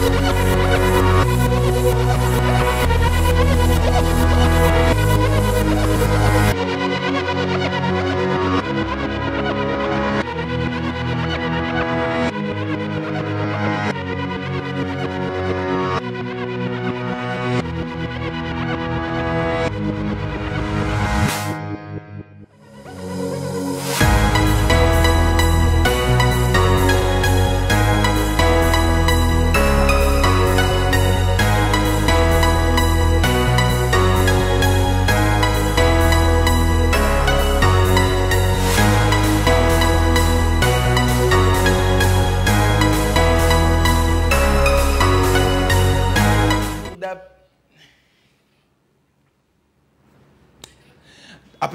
Thank you.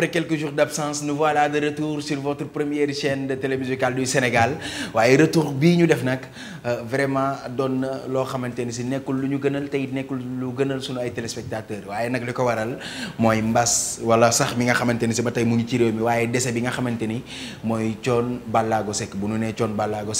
après quelques jours d'absence nous voilà de retour sur votre première chaîne de télémusicale du Sénégal Ouais, retour bii ñu def euh, vraiment donne leur loo xamante ni si nekkul lu ñu gënal tey nekkul lu gënal suñu ay téléspectateurs Ouais, nag le ko waral mooy mbas wala sax mi nga xamante ni si ba tey mu ngi ci réew mi waaye dese bi nga xamante ni mooy Thione Ballago Seck bu nu nee Thione Ballago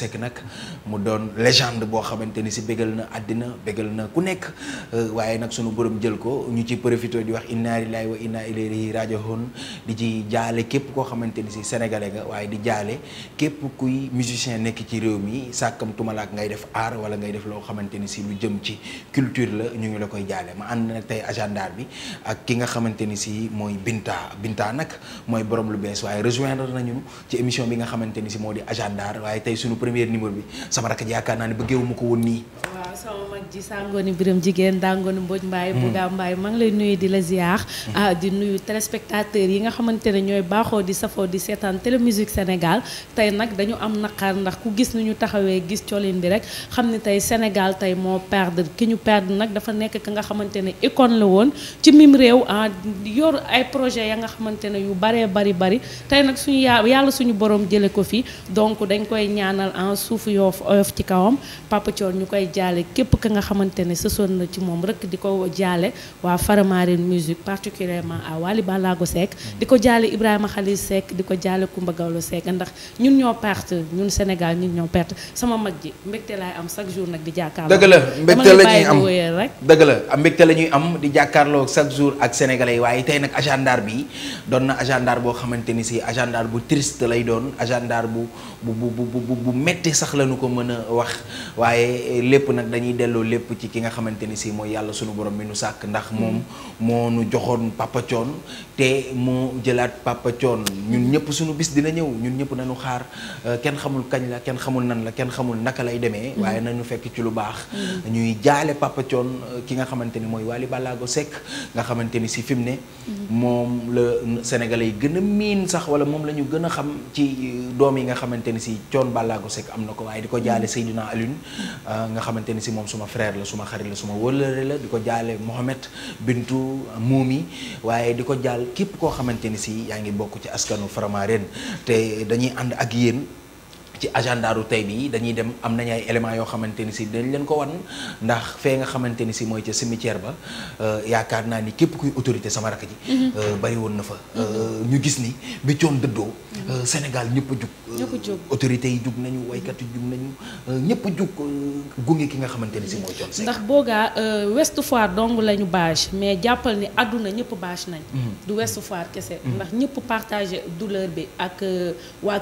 mu légende boo xamante c'est si bégal na adina, bégal na ku nekk euh, waaye nag sunu borom jël ko ñu ci profité di wax inna lillahi wa inna ilayhi raji'un di ci jaale képp koo xamante ni si sénégalais nga waaye di jale képp kuy musicien nekk ci réew mi sàkkam tumalaak ngay def art wala ngay def loo xamante ni si lu jëm ci culture la ñu ngi la koy jaale ma ànd nag tey agenda bi ak ki nga xamante ni si Binta Binta nag mooy borom lu bees waaye rejoindre nañu ci émission bi nga xamante ni si di agenda waaye tey suñu premier numéro bi sama rakk ji yaakaar naa ne bëggeewu ma ko woon nii waaw sama mag ji sàngooni biram jigéen dàngooni mboj mbaay bu gaa mbaay maa lay nuyu di la ziar mm. ah, di nuyu téléspectateurs yi nga xamante ne ñooy baaxoo di safoo di seetaan télémusique Sénégal tey nag dañu am naqar ndax ku gis nu ñu taxawee gis colin bi rek xam ne tey Sénégal tey moo perdre ki ñu perdre nag dafa nekk ki nga xamante ne icône la woon ci mim réew ah yor ay projet ya nga xamante ne yu baree bari bari tey nag suñu yaa yàlla suñu borom jële ko fii donc dañ koy ñaanal en ah, suuf yoof oyof ci kawam Papa ñu koy jaale képp ka nga xamante ne sësoon la ci moom rek di ko jaale waa Faramaren musique particulièrement à Wally Ballago Seck di ko jaale Ibrahima Khalil Seck di ko jaale Coumba Gawlo Seck ndax ñun ñoo perte ñun Sénégal ñun ñoo perte sama mag ji mbégte laay am chaque jour nag di jàkkaarloo. dëgg la mbégte la ñuy am rek. dëgg la mbégte la ñuy am di jàkkaarloo chaque jour ak sénégalais waaye tey nag agendar bi doon na agendar boo xamante ni si agendar bu triste lay doon agendar bu. bu bu bu bu métti sax la ñu ko mën a wax waaye lépp nag dañuy delloo lépp ci ki nga xamante ni si mooy yàlla sunu borom mi nu sàkk ndax mm. moom moo nu joxoon Papa te moo jëlaat Papa Thione ñun ñëpp suñu bis dina ñëw ñun ñëpp nañu xaar euh, kenn xamul kañ la kenn xamul nan la kenn xamul naka lay demee. Mm. waaye nañu fekk ci lu baax. Mm. ñuy jaale Papa euh, ki nga xamante ni mooy Waly Ballago Seck nga xamante ni si fi mu ne. moom la Sénégalais yi gën miin sax wala moom la ñu xam ci euh, doom yi nga xamante ne si Thione Ballago Seck am na ko waaye di ko jaale Seydina Alioune euh, nga xamante si moom suma frère la suma xarit la suma wëllëre la di ko jaale Mohamed Bintu Moumi waaye di ko jaal képp koo xamante ni si yaa ngi bokk ci askanu Faramareen te dañuy ànd ak yéen ci agenda ru tey bi dañuy dem am nañ ay éléments yoo xamante ni si dañ leen ko wan ndax fee nga xamante ni si mooy ca cimetière ba euh, yaakaar naa ni képp kuy autorité sama rakk ji. Mhm. Euh, bari woon na fa. Euh, ñu gis ni bi coon dëddoo. Mhm. Sénégal ñëpp jug. autorité yi jug nañu waykat yi jug nañu ñëpp a jug gunge ki nga xamante ni si mooy coon ndax boogaa Ouest Foire dong lañu bâche mais jàppal ni àdduna ñëpp bâche nañ. Mhm. du Ouest Foire kese. ndax ñëpp partagé douleur bi ak waa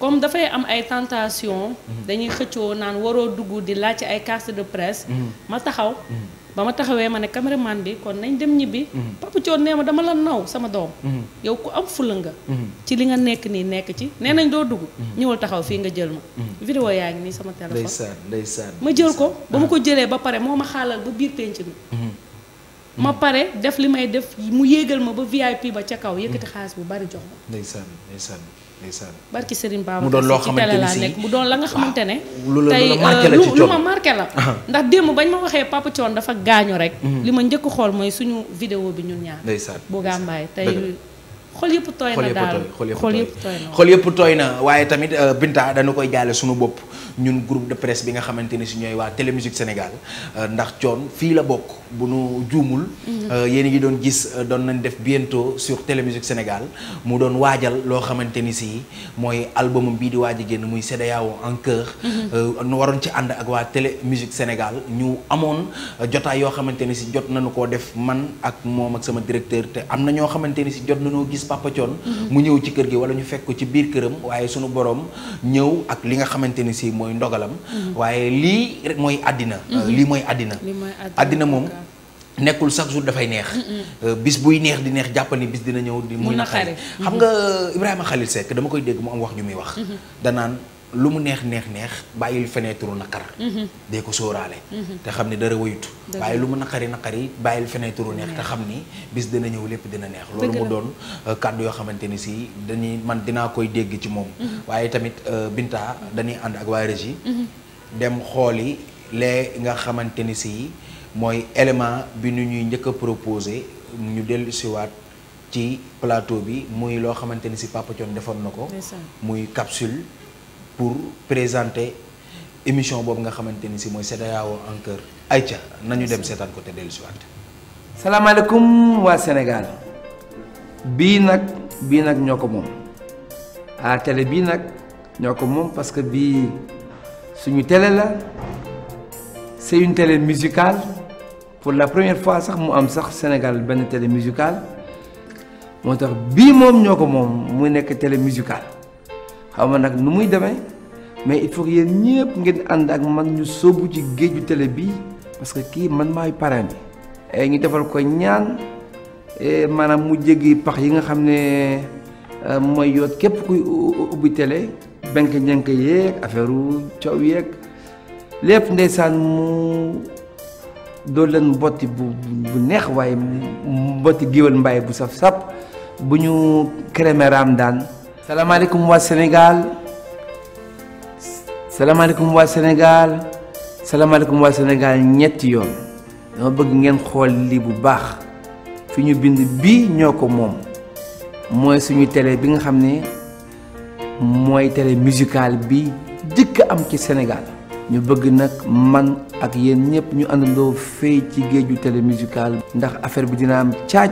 comme dafay am ay tentation dañuy xëccoo naan waroo dugg di laaj ay carte de presse mm-hmm. ma taxaw mm-hmm. ba ma taxawee ma ne caméraman bi kon nañ dem ñibbi mm-hmm. Papa nee ma dama la naw sama doom yow ku am fula nga ci li nga nekk nii nekk ci nee nañ doo dugg ñëwal taxaw fii nga jël ma vidéo yaa ngi nii sama téléphone ndeysaan ma jël ko ba ma ko ah. jëlee ba pare moo ma xaalal ba biir penc mi ma pare def li may def mu yéegal ma ba VIP ba ca kaw yëkkati xaalis bu bari jox ma barki Serigne Baba mu doon loo xamante ne si mu doon la nga xamante ne. tey euh, lu ma marqué la. ndax démb bañ ma waxee Papa Thione dafa gaañu rek. Mhm. li ma njëkk xool mooy suñu video bi ñun ñaar. ndeysaan boo gàmbaay tey. xol yëpp tooy na daal xol yëpp tooy yëpp tooy na waaye tamit euh, Binta dañu koy jaale suñu bopp ñun groupe de presse bi nga xamante ni si ñooy waa Télémusique Sénégal euh, ndax coon fii la bokk bu nu juumul. Mhm. Euh, yéen a ngi doon gis doon nañ def biento sur Télémusique Sénégal mu doon waajal loo xamante ni si mooy album bii di waaj a génn muy CEDEAO en cœur. Mhm. nu waroon ci ànd ak waa Télémusique Sénégal ñu amoon jotaay yoo xamante ni si jot nañu koo def man ak moom ak sama directeur te am na ñoo xamante ni si Papa john mu ñëw ci kër gi wala ñu fekk ci biir këram waaye sunu borom ñëw ak li nga xamante ni si mooy ndogalam waaye lii rek mooy àddina lii mooy àddina àddina chaque jour neex euh, bis buy neex di neex jàppal ni bis dina ñëw di muy naqari xam mm-hmm. nga Ibrahima Khalil Seck dama koy dégg mu am wax ju muy wax mm-hmm. lu mu neex neex neex bàyyil fenêtre naqar mhm. dee ko sóoraale mhm. te xam ni dara wayut waaye lu mu naqari naqari bàyyil fenêtre neex te xam ni bis dina ñëw lépp dina neex loolu mu doon euh, kàddu yoo xamante ni si dañuy man dinaa koy dégg ci moom mhm. waaye tamit euh, Binta dañuy ànd ak waa régie dem xooli lee nga xamante ni si mooy élément bi nu ñuy njëkk a proposé ñu dellu siwaat ci plateau bi muy loo xamante ni si Papa Thione defoon na ko muy capsule pour présenter émission bob nga xamante ni si mooy CEDEAO en cœur ayca nañu dem seetaan ko Salam alaikum, salaamaaleykum waa Sénégal bii nag bii nag ñoo ko moom télé bii nag ñoo ko parce que c'est suñu télé la c'est une télé musicale pour la première fois sax mu am sax Sénégal une télé musicale moo tax bii moom ñoo mu télé musicale. xaw ma nag nu muy demee mais il faut que yéen ngeen ànd ak man ñu sóobu ci géeju télé bi parce que kii man maay parrain bi. E, ñu defal ko ñaan e, maanaam mu jéggi pax yi nga xam ne e, mooy yoot képp kuy ubbi télé benk njënk yeeg affaire coow yeeg lépp ndeysaan mu doon leen mbotti bu bu neex waaye mbotti géwél mbaay bu saf-sap bu ñu crémeraam daan. salaamaaleykum waa Sénégal salaamaaleykum waa Sénégal salaamaaleykum waa Senegal ñetti yoon dama bëgg ngeen xool lii bu baax fi ñu bind bii suñu télé bi nga xam ne mooy télé musical bi jëkk am ci ñu bëgg man ak yéen ñëpp ñu àndandoo fay ci musical. télé musicale ndax affaire bi dina am caaj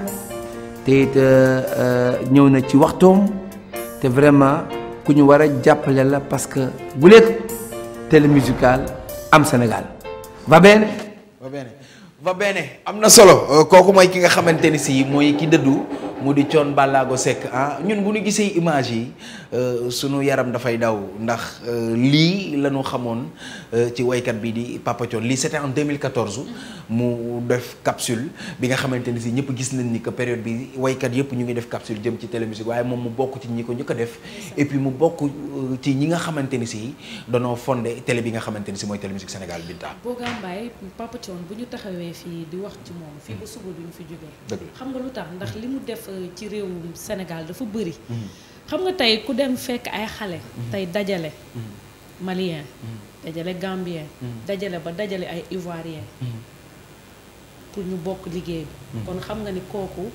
te euh, euh, na ci te vraiment ku ñu war a jàppale la parce que vous lekk télé musicale am Sénégal va bien. va bene va bene am na solo euh, kooku mooy ki nga xamante ni si mooy ki dëddu mu di coon bàllaago sekk ah ñun bu ñu gisee image yi euh, sunu yaram dafay daw ndax euh, lii la ñu xamoon ci waykat bi di Papa lii c'était en 2014 mu def capsule bi nga xamante ni si ñëpp gis nañ ni que période bi waykat yëpp ñu ngi def capsule jëm ci télémusique waaye moom mu bokk ci ñi ko ñu ko def et puis mu bokk ci ñi nga xamante ni si danoo fonde télé bi nga xamante ni si mooy télémusique Sénégal Binta. Boga toogee fii di wax ci moom fii ba mm. suba duñu fi jógee xam nga lu tax ndax mm. li mu def euh, ci réewum Sénégal dafa bëri mm. xam nga tey ku dem fekk ay xale tey dajale malien dajale gambien dajale ba dajale ay ivoirien pour ñu bokk liggéey bi kon xam nga ni kooku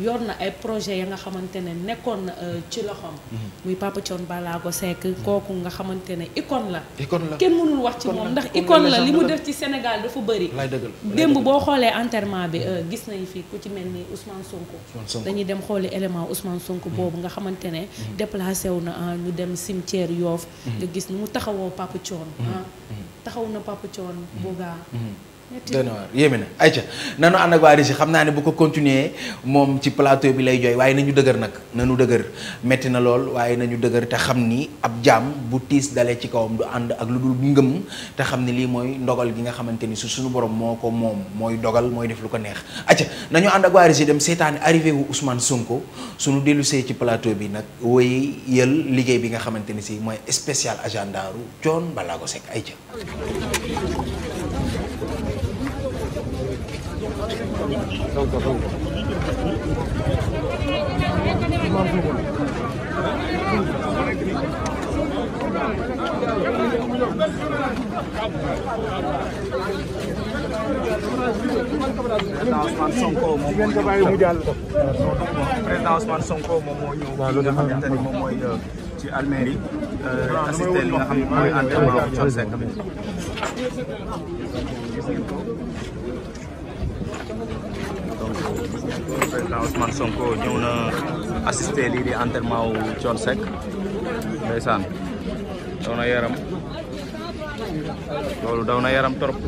yoon na ay projet ya nga xamante ne nekkoon na euh, ci loxoom. Mhm. muy Papa balaa ko Seck mhm. kooku nga xamante ne icône la. icône la kenn mënul wax ci moom ndax icône la li mu def ci Sénégal dafa bëri. démb boo xoolee enterrement bi mhm. euh, gis nañu fii ku ci mel ni Ousmane Sonko. dañuy dem xooli élément Ousmane Sonko boobu nga xamante ne. déplacé wu na ah, ñu dem cimetière Yoff nga gis nu mu taxawoo Papa Thione. Ah. taxaw na Papa Thione Boga. doy na waar yéeme na ayca nanu ànd ak waa xam naa ne bu ko continuer moom ci plateau bi lay jooy waaye nañu dëgër nag nañu dëgër metti na lool waaye nañu dëgër te xam ni ab jaam bu tiis dalee ci kawam du ànd ak lu dul ngëm te xam ni lii mooy ndogal gi nga xamante ni su suñu borom moo ko moom mooy dogal mooy def lu ko neex ayca nañu ànd ak waa dem seetaani arrivé wu Ousmane Sonko suñu dellusee ci plateau bi nag woy yël liggéey bi nga xamante ni si mooy spécial agendaru Thione Ballago Seck ayca président Ousmane Sonko moom moo ñëw président Ousmane Sonko moom moo ñëw fii nga xamante Almeri assisté li nga xam ne mooy entraînement Thione Seck président Ousmane Sonko ñëw na assister lii di enterrement wu Thione Seck ndeysaan daw na yaram daw na yaram torop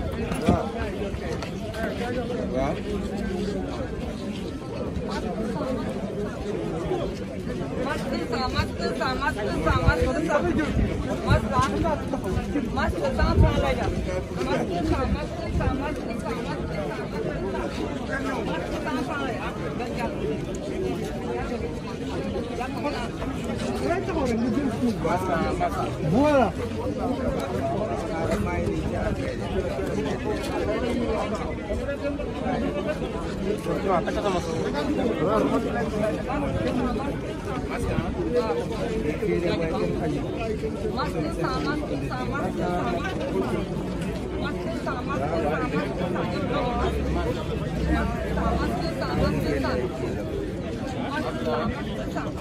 Mas masih Mas, saman, สามารถที่สามารถที่สามารถที่สามารถที่สามารถที่สามารถที่สามาร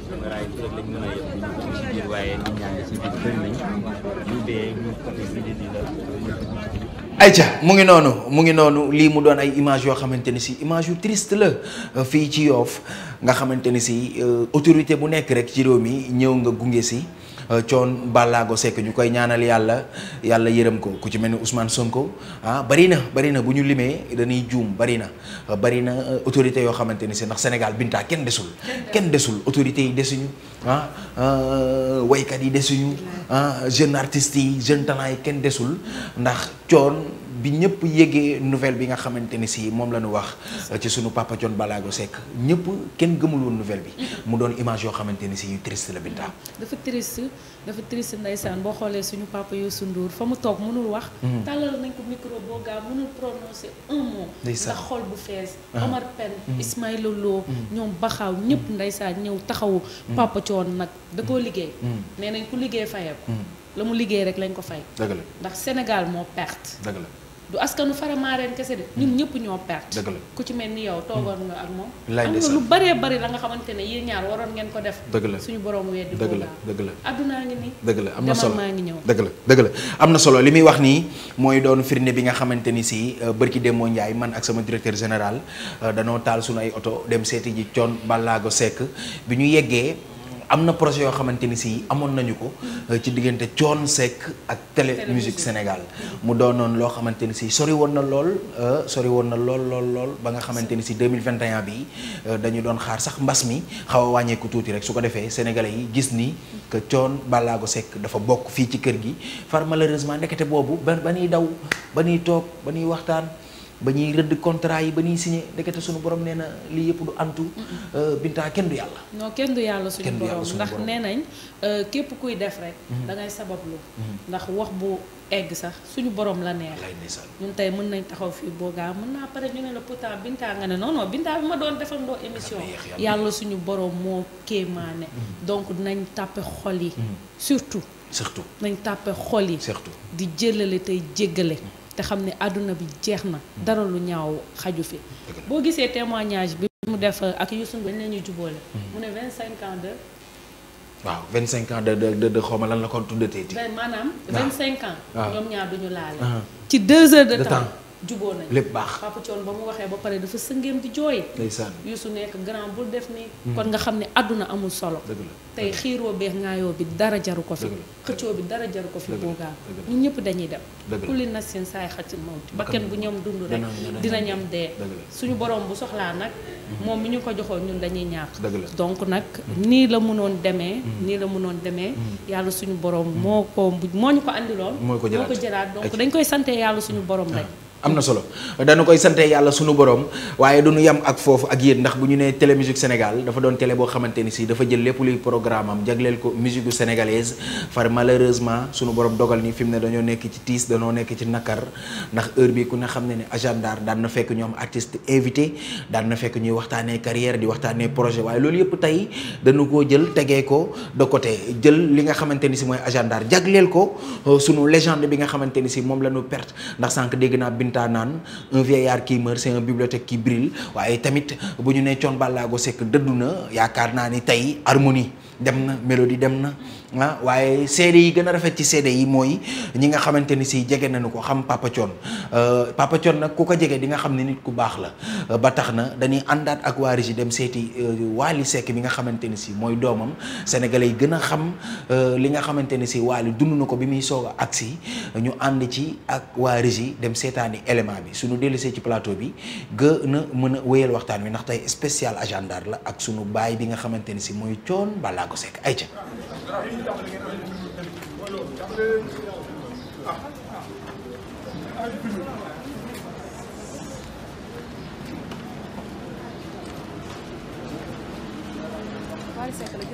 ถ raay bi mu ngi noonu mu ngi noonu lii mu doon ay image yoo xamante ni si image yu triste la euh, fii ci Yoff nga xamante ni si euh, autorité bu nekk rek ci réew mi ñëw nga gunge si Euh, coon Ballago sekk ñu koy ñaanal yàlla yàlla yërëm ko ku ci mel ni Ousmane Sonko ah bari na bari na bu ñu limee dañuy juum bari na euh, bari na euh, autorité yoo xamante ni si ndax Sénégal bintaa kenn desul kenn desul autorité yi desuñu ah waykat yi desuñu ah jeune artistes yi jeune talent yi kenn desul ndax coon bi ñëpp yégee nouvelle bi nga xamante ni si moom la ñu wax ci sunu papa Thione Ballago sekk ñëpp kenn gëmul woon nouvelle bi mu doon image yoo xamante ni si yu triste la Binta dafa triste ndeysaan boo xoolee suñu papa Youssou Ndour fa mu toog mënul wax. Mhm. tàllal nañ ko micro boo gaa mënul prononcer un mot. ndax xol bu fees. Ah. Omar Pène mhm. Ismaïla loo mhm. ñoom Baxaw ñëpp ndeysaan ñëw taxawu. papa coon nag da koo liggéey. nee nañ ku liggéey fayee ko. la mu liggéey rek lañ ko fay. ndax Sénégal moo perte. dëgg du askanu Faramareen kese de ñun mm. ñëpp ñoo perte ku ci mel ni yow toogoon nga ak moom am nga lu bëree bëri la nga xamante ne yéen ñaar waroon ngeen ko def dëgg la suñu borom weddi dëgg la dëgg la addunaa ngi nii dëgg la am na solo maa dëgg la dëgg la am na solo li muy wax nii mooy doon firnde bi nga xamante ni si euh, bërki Demba Ndiaye man ak sama directeur général euh, danoo taal suñu ay oto dem seeti ji coon Ballago sekk bi ñu yeggee amna na projet tini si amon nañu ko euh, ci diggante Thione Sek ak Télé Musique Sénégal mu doonoon lo xamante si sori won na lool euh, sori won na lool lool lool ba nga xamante si 2021 bi euh, dañu doon xaar sax mbas mi xaw a wàññeeku tuuti rek su ko sénégalais yi gis ni que Thione Ballago dafa bok fii ci kër gi far malheureusement mana boobu ba ba daw ba ñuy toog ba ñuy waxtaan ba ñuy rëdd contrat yi ba ñuy signé ndekete suñu borom nee na lii yëpp du antu. Euh, Binta kenn du yàlla. noo kenn du yàlla suñu borom ndax nee nañ euh, képp kuy def rek. Mm-hmm. da ngay sabablu. Mm-hmm. ndax wax bu egg sax suñu borom la neex. ñun tey mën nañ taxaw fii boogaa mën naa pare ñu ne la pourtant Binta nga ne non non bi ma doon defandoo émission. yàlla suñu borom moo kéemaane. Mm-hmm. donc dinañ tàppe xol yi. surtout. surtout nañ tàppe xol yi. surtout di jëlale tey jéggale. te xam ne àdduna bi jeex na dara lu ñaaw xaju fi boo gisee témoignage bi mu def ak Youssou Ndour la ñu jubóole mu ne vingt cinq ans de waaw vingt cinq de de de lan la ko tuddatee maanaam ah. vingt cinq ah. ñoom ñaar duñu laale ah. ci deux heures de temps juboo nañ lépp baax papa coon ba mu waxee ba pare dafa sëngeem di jooy ndeysaan yusu nekk grand bul def ni hmm. kon nga xam ne amul solo tey xiiroo beex ngaayoo bi dara jaru ko fi xëccoo bi dara jaru ko fi boogaa ñu ñëpp dañuy dem kulli na seen saay xëcc mawti bakken bu ñam dund rek dina ñam Dongkonak suñu borom bu soxlaa nag hmm. moom mi ñu ko joxoon ñun dañuy ñaax donc nag hmm. nii la la suñu borom ko donc dañ koy suñu borom ah. rek am na solo dana koy sante yàlla sunu borom waaye nu yem ak foofu ak yéen ndax bu ñu nee télé musique Sénégal dafa doon télé boo xamante ni si dafa jël lépp luy programme am jagleel ko musique sénégalaise far malheureusement sunu borom dogal ni fi mu ne dañoo nekk ci tiis dañoo nekk ci nakar ndax heure bi ku xam ne ne agendar daan na fekk ñoom artiste invité daan na fekk ñuy waxtaanee carrière di waxtaanee projet waaye loolu yëpp tey dañu koo jël tegee ko de côté jël li nga xamante ni si mooy agendar jagleel ko euh, sunu légende bi nga xamante ni si moom la ñu perte ndax sànq dégg naa attentat naan un vieillard qui meurt c'est une bibliothèque qui brûle waaye tamit bu ñu nee Thione Ballago sekk dëddu na yaakaar naa ni tey harmonie dem na mélodie dem na ah waaye seede yi gën a rafet ci seede yi mooy ñi nga xamante ni si jege nañu ko xam Papa Thione euh, Papa Thione nag ku ko jege di nga xam ne nit ku baax la euh, ba tax na dañuy àndaat ak waa Régis dem seeti euh, Wally Seck mi nga xamante ni si mooy doomam sénégalais yi gën a xam li nga xamante ni si Wally dund na ko bi muy soog a agsi ñu ànd ci ak waa Régis dem seetaani élément bi suñu dellusee ci plateau bi gën a mën a wéyal waxtaan wi ndax tey spécial agendar la ak sunu baay bi nga xamante ni si mooy balaa ko Seck ay ca Waar is eigenlijk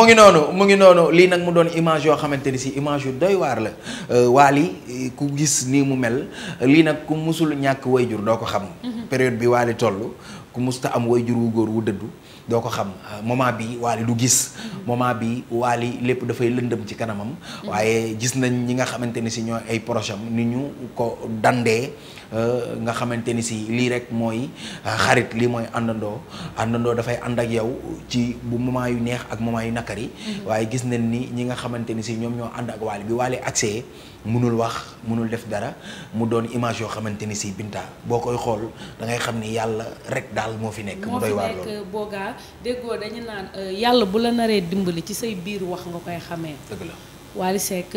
mu ngi noonu mu ngi noonu lii nag mu doon image yoo xamante ni si image yu doy waar la euh, Waly ku gis nii mu mel lii nag ku musul ñàkk jur doo ko xam mhm. période bi Waly toll ku musta am jur wu góor wu dëddu doo ko xam euh, moment bi Waly du gis mhm. moment bi Waly lépp dafay lëndam ci kanamam mhm. waaye gis nañ ñi nga xamante ni si ñoo ay proche am ni ñu ko dandee Euh, nga xamante ni si lii rek mooy euh, xarit lii mooy àndandoo àndandoo dafay ànd ak yow ci bu moment yu neex ak moment yu nakari mm-hmm. waaye gis nañ ni ñi nga xamante ni si ñoom ñoo ànd ak waale bi waale accès munul wax mënul def dara mu doon image yoo xamante ni si Binta boo koy xool da ngay xam ni yàlla rek daal moo fi nekk. mu doy waar loolu moo fi nekk boogaa déggoo dañu naan euh, yàlla bu la naree dimbali ci say biir wax nga koy xamee. dëgg la Wally Seck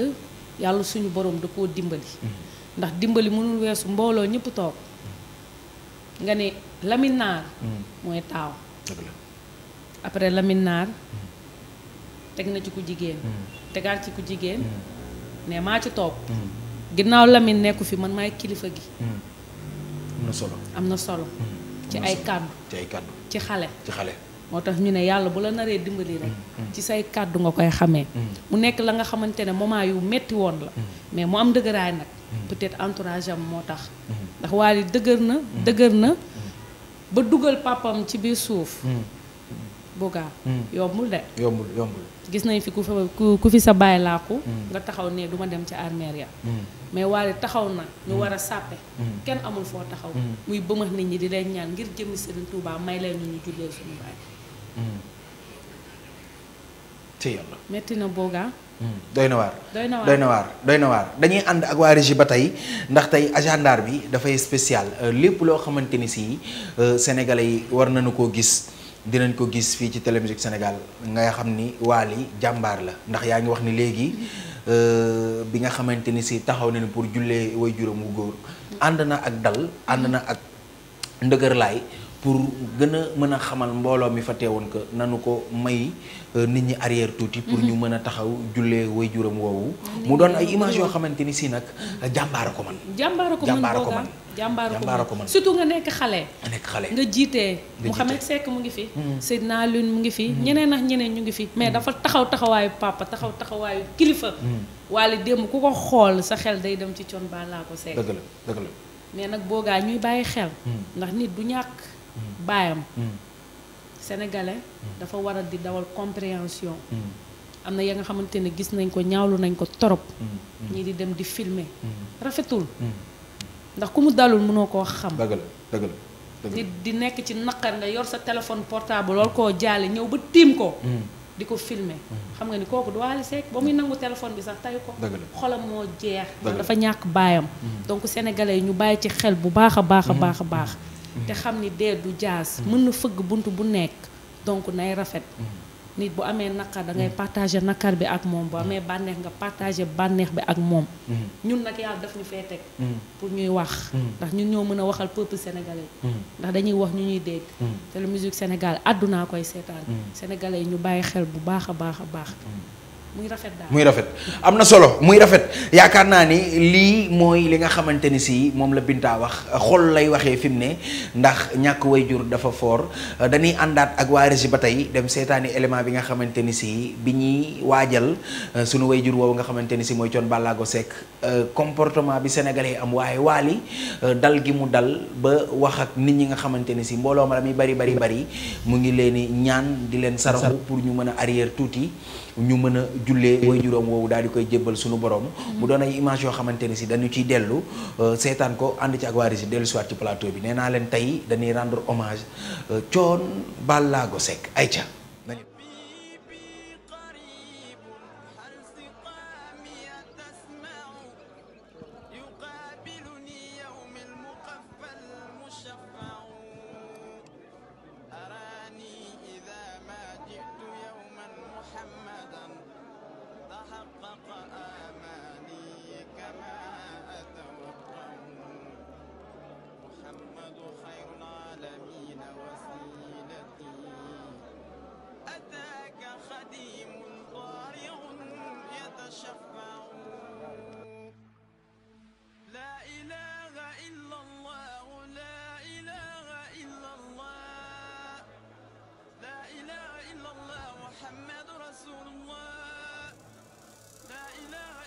yàlla suñu borom da koo dimbali. Mm-hmm. ndax dimbali mënul weesu mbooloo ñëpp toog nga ne laminar Naar hmm. mooy taaw après laminar Naar hmm. teg na ci ku jigéen hmm. tegaat ci ku jigéen ne ma ci topp ginnaaw Lamine nekku fi man maay kilifa gi am solo am solo ci ay kàddu ci ay kàddu ci xale ci xale moo tax ñu ne yàlla bu la naree dimbali rek ci say kàddu nga koy mu nekk la nga moment yu metti woon la mais mu am dëgëraay Mhm. peut-être entourage am moo tax mhm. ndax Wally dëgër na mhm. dëgër na ba dugal pàppam ci biir suuf buggaa yombul de yombul yombul gis nañ fi ku fa ku fi sa baay laaku nga taxaw ne du ma dem ci armeer ya mais Wally taxaw na ñu war a sàppe kenn amul foo taxaw muy bëmax nit ñi di leen ñaan ngir jëmmi seeni Touba may leen ñu ñu jullee suñu baay te yàlla metti na boogaa doy na waar doy nawaar doy na waar dañuy ànd ak waa régie ba tey ndax tey agendar bi dafay spécial euh, lépp loo xamante ni si euh, sénégalais yi war nañu koo gis dinañ ko gis fii ci télémusique Sénégal nga xam ni Wally jàmbaar la ndax yaa ngi wax ni léegi euh, bi nga xamante ni si taxaw nañu pour jullee way juróom wu góor ànd na ak dal ànd na ak ndëgërlaay pour gën a mën a xamal mbooloo mi fa teewoon que nanu ko may euh, nit ñi arrière tuuti. pour ñu mhm. mën a taxaw jullee way juróom woowu. Mhm. mu doon ay image yoo xamante ni si nag euh, jàmbaara ko man. jàmbaara ko man jàmbaara ko man. jàmbaara ko man surtout nga nekk xale. nga nekk xale nga jiitee Mouhamed mu ngi fi. Mhm. Seydina Lune mu ngi fi. ñeneen ak ñeneen ñu ngi fi. mais dafa taxaw taxawaayu papa taxaw taxawaayu kilifa. waale démb ku ko xool sa xel day dem ci con baa laa ko Seck. dëgg la mais nag boogaa ñuy baayam mm. sénégalais mm. dafa war a di dawal compréhension mm. am na ya nga xamante ne gis nañ ko ñaawlu nañ ko torop ñii di dem di filmer rafetul ndax ku mu dalul mënoo koo xam dëgg la dëgg nit di nekk ci naqar nga yor sa téléphone portable lool koo jaale ñëw ba tiim ko di ko filmer xam nga ni kooku du Wally Seck ba muy nangu téléphone bi sax tayu ko xolam moo jeex dafa ñàkk baayam donc sénégalais yi ñu bàyyi ci xel bu baax a baax a mm-hmm. baax a baax mm-hmm. te mhm. xam ni dee du jaas. Mhm. mën na fëgg bunt bu nekk donc nay rafet. Mhm. nit bu amee naqar dangay ngay partager naqar bi ak moom bu amee bànneex nga partager bànneex bi ak moom. ñun nag yàlla daf ñu fee teg. pour ñuy wax. ndax ñu ñoo mën a waxal peuple sénégalais. ndax dañuy wax ñu ñuy dégg. te la musique Sénégal àddunaa koy seetaan. sénégalais ñu bàyyi xel bu baax a baax a baax. muy rafet muy rafet am na solo muy rafet yaakaar naa ni lii mooy li nga xamante ni si moom la Binta wax xol lay waxee fi mu ne ndax ñàkk way jur dafa foor dañuy àndaat ak waa régie ba tey dem seetaani élément bi nga xamante ni si bi ñuy waajal euh, sunu way jur woowu nga xamante ni si mooy Thione Ballago sekk euh, comportement bi sénégalais am waaye waali euh, dal gi mu dal ba wax ak nit ñi nga xamante ni si mbooloo ma la muy bari bari bari mu ngi leen ñaan di leen saraxu pour ñu mën a arrière tuuti ñu mën a jullee way juróom woowu daal di koy jébbal suñu borom mu doon ay image yoo xamante ni si dañu ciy dellu euh, seetaan ko ànd ci ak waa Régis dellu siwaat ci plateau bi nee naa leen tey dañuy rendre hommage euh, Thione Ballago ay ca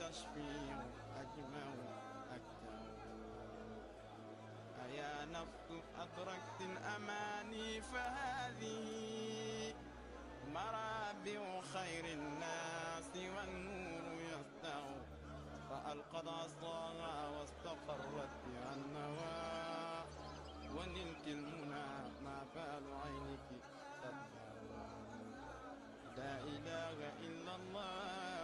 والتصفير أجمع أكثر أيا نفط أدركت الأماني فهذه مرابع خير الناس والنور يسطع فألقد عصاها واستقرت بها النوى ونلك المنى ما بال عينك تدمع لا إله إلا الله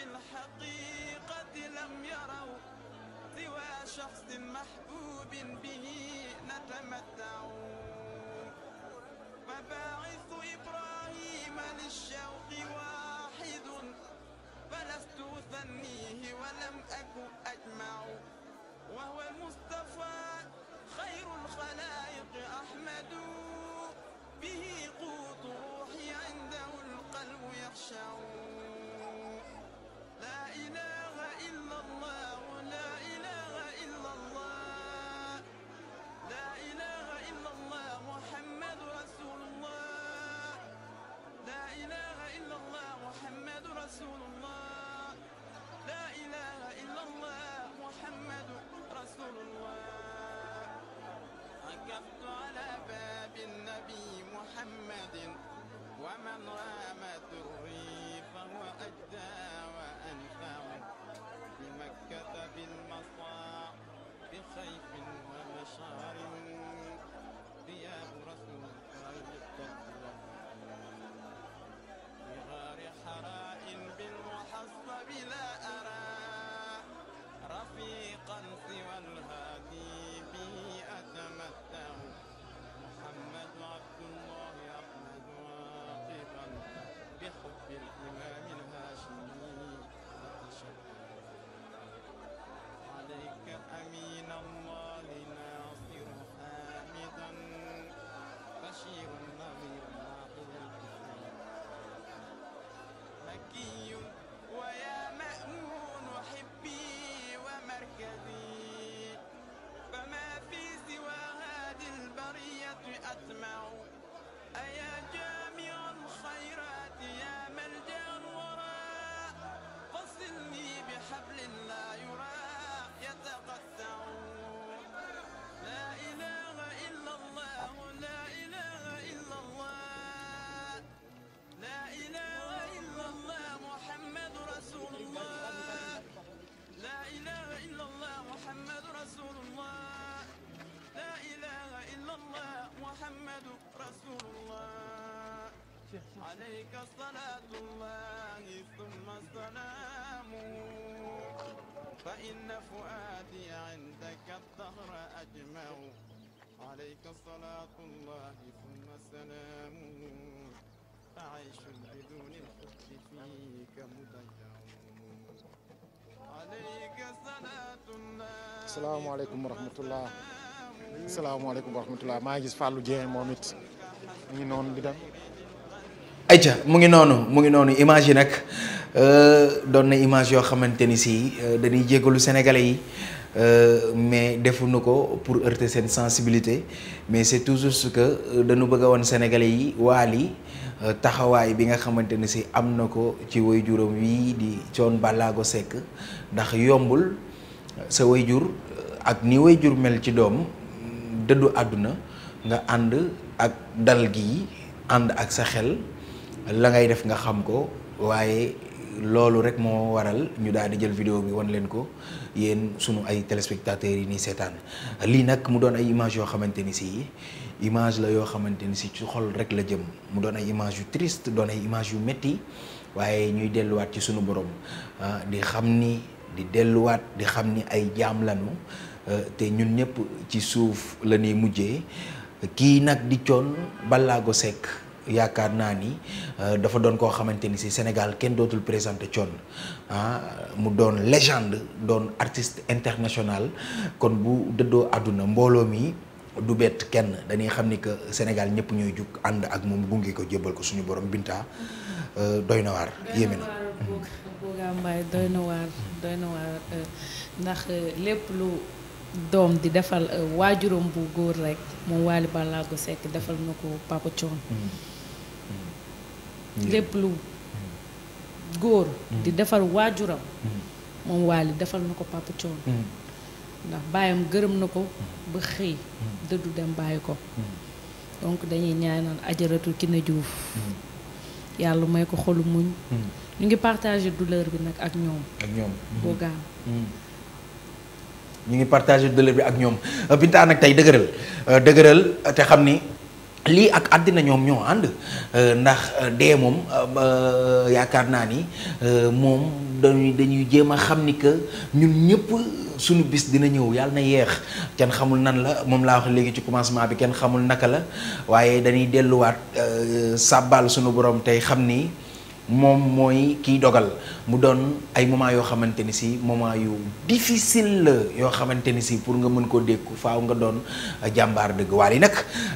في الحقيقة لم يروا سوى شخص محبوب به نتمتع فباعث إبراهيم للشوق واحد فلست أثنيه ولم أكن أجمع وهو المصطفى خير الخلائق أحمد به قوت روحي عنده وقفت على باب النبي محمد ومن رام تري فهو أجدى وأنفع بمكة بالمصاع بخيف عليك الصلاة الله ثم السلام فإن فؤادي عندك الدهر أجمع عليك صلاة الله ثم السلام فعيش بدون الحب فيك مضيع عليك صلاة الله السلام عليكم ورحمة الله salaamaaleykum wa rahmatulah maa ngi gis Fallou Dieng moom it ñu noonu di dem ayca mu ngi noonu mu ngi noonu image yi nag euh, doon na image yoo xamante ni si euh, dañuy jégalu sénégalais yi euh, mais defuñu ko pour heurter seen sensibilité mais c'est toujours ce que dañu bëgg woon sénégalais yi waali taxawaay bi nga xamante ni si am na ko ci way juróom wii di coon bàllaago sekk ndax yombul sa way jur ak ni way jur mel ci doom dëddu àdduna nga ànd ak dal gi ànd ak sa xel la ngay def nga xam ko waaye loolu rek waral ñu daal di jël vidéo bi wan leen ko yéen sunu ay téléspectateurs yi nii seetaan lii nag mu doon ay image yoo xamante ni si image la yoo xamante ni si ci xol rek la jëm mu doon ay image yu triste doon ay image yu métti waaye ñuy delluwaat ci sunu borom ah, di xam ni di delluwaat di xam ni ay jaam lanu ah, te ñun ñëpp ci suuf la ñuy mujjee kii nag di yaakaar naa ni euh, dafa doon koo xamante ni si Sénégal kenn dootul présenté Thione ah mu doon légende doon artiste international kon bu dëddoo àdduna mbooloo mi du bett kenn dañuy xam ni que Sénégal ñëpp ñooy jug ànd ak moom gunge ko jébbal ko suñu borom Binta euh, doy na waar yéeme na. Bouga hmm. Mbaye doy na waar doy na waar euh, ndax lépp lu. doom di defal euh, waajuram bu góor rekk moom Waly Ballago sekk defal na ko Papa Thione mm. Mm. Mm. lépp lu góor di defal waajuram moom Waly defal na ko Papa Thione ndax baayam gërëm na ko ba xëy dëddu dem bàyyi ko donc dañuy ñaanal ajaratu ki na Diouf yàlla may ko xolu muñ ñu ngi partager douleur bi nag ak ñoom boo gaam ñu ngi partagé douleur bi ak ñoom Binta nag tey dëgëral euh, dëgëral euh, te xam ni lii ak àddina ñoom ñoo ànd euh, ndax dee moom yaakaar naa ni moom dañuy dañuy jéem a xam ni que ñun ñëpp. suñu bis dina ñëw yàlla na yeex kenn xamul nan la moom laa wax léegi ci commencement bi kenn xamul naka la waaye dañuy delluwaat sàbbaal suñu borom tey xam ni moom mooy kiy dogal mu doon ay moment yoo xamante ni si moment yu difficile la yoo xamante ni si pour nga mën koo dékku faaw nga doon euh, jàmbaar dëgg waal yi nag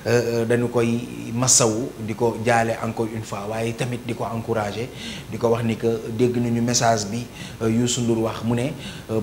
euh, euh, dañu koy masawu di ko jaale encore une fois waaye tamit di ko encouragé di ko wax ni que dégg nañu message bi Youssou Ndour wax mu ne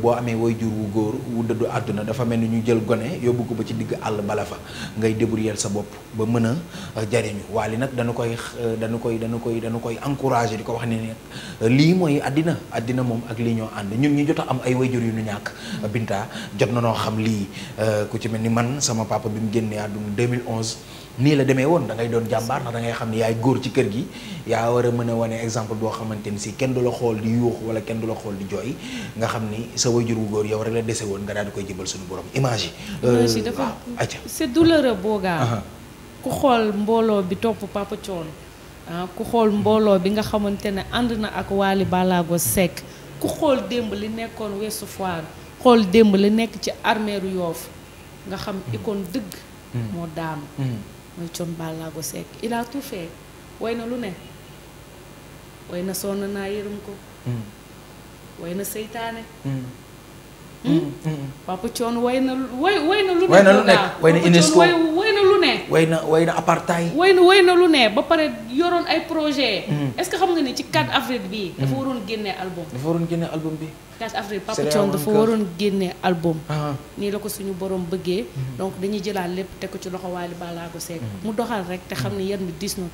boo amee woy jur wu góor wu dëddu àdduna dafa mel ni ñu jël gone yóbbu ko ba ci digg àll bala fa ngay débrouiller sa bopp ba mën a jariñu waali nag danu koy dañu koy dañu koy dañu koy encouragé di ko wax ne euh, lii mooy àddina àddina moom ak lii ñoo ànd ñun ñu jot a am ay wayjur yu ñu ñàkk Binta jot na noo xam lii euh, ku ci mel ni man sama papa bi mu génnee àdduna 2011 nii la demee woon da ngay doon jàmbaar ndax da ngay xam ni yaay góor ci kër gi yaa war a mën a wane exemple boo xamante ni si kenn du la xool di yuux wala kenn du la xool di jooy nga xam ni sa wayjur wu góor yow rek la dese woon nga daal di koy jëbal suñu borom image yi. Euh, dafa c'est douloureux boogaa uh-huh. ku xool mbooloo bi topp Papa Thione Ah, ku xool mbooloo bi nga xamante ne ànd na ak Waly Ballago Seck ku xool démb li nekkoon Ouest Foire xool démb li nekk ci armeeru Yoff nga xam hmm. icône dëgg hmm. moo daanu hmm. mooy Thione Ballago Seck il tout fait way na lu ne way na sonn naa na seytaane lu ne. way na way na apartheid. way na way na lu ne ba pare yoroon ay projet hmm. est-ce que xam nga ni ci 4 avril bi hmm. dafa waroon génne album. dafa waroon génne album bi. 4 avril Papa Thione dafa waroon génne album. Ah. nii la ko suñu boroom bëggee. Hmm. donc dañuy jëlaat lépp te ko ci loxo Wally ko Seck. mu doxal rek te xam ne yan bi diis na.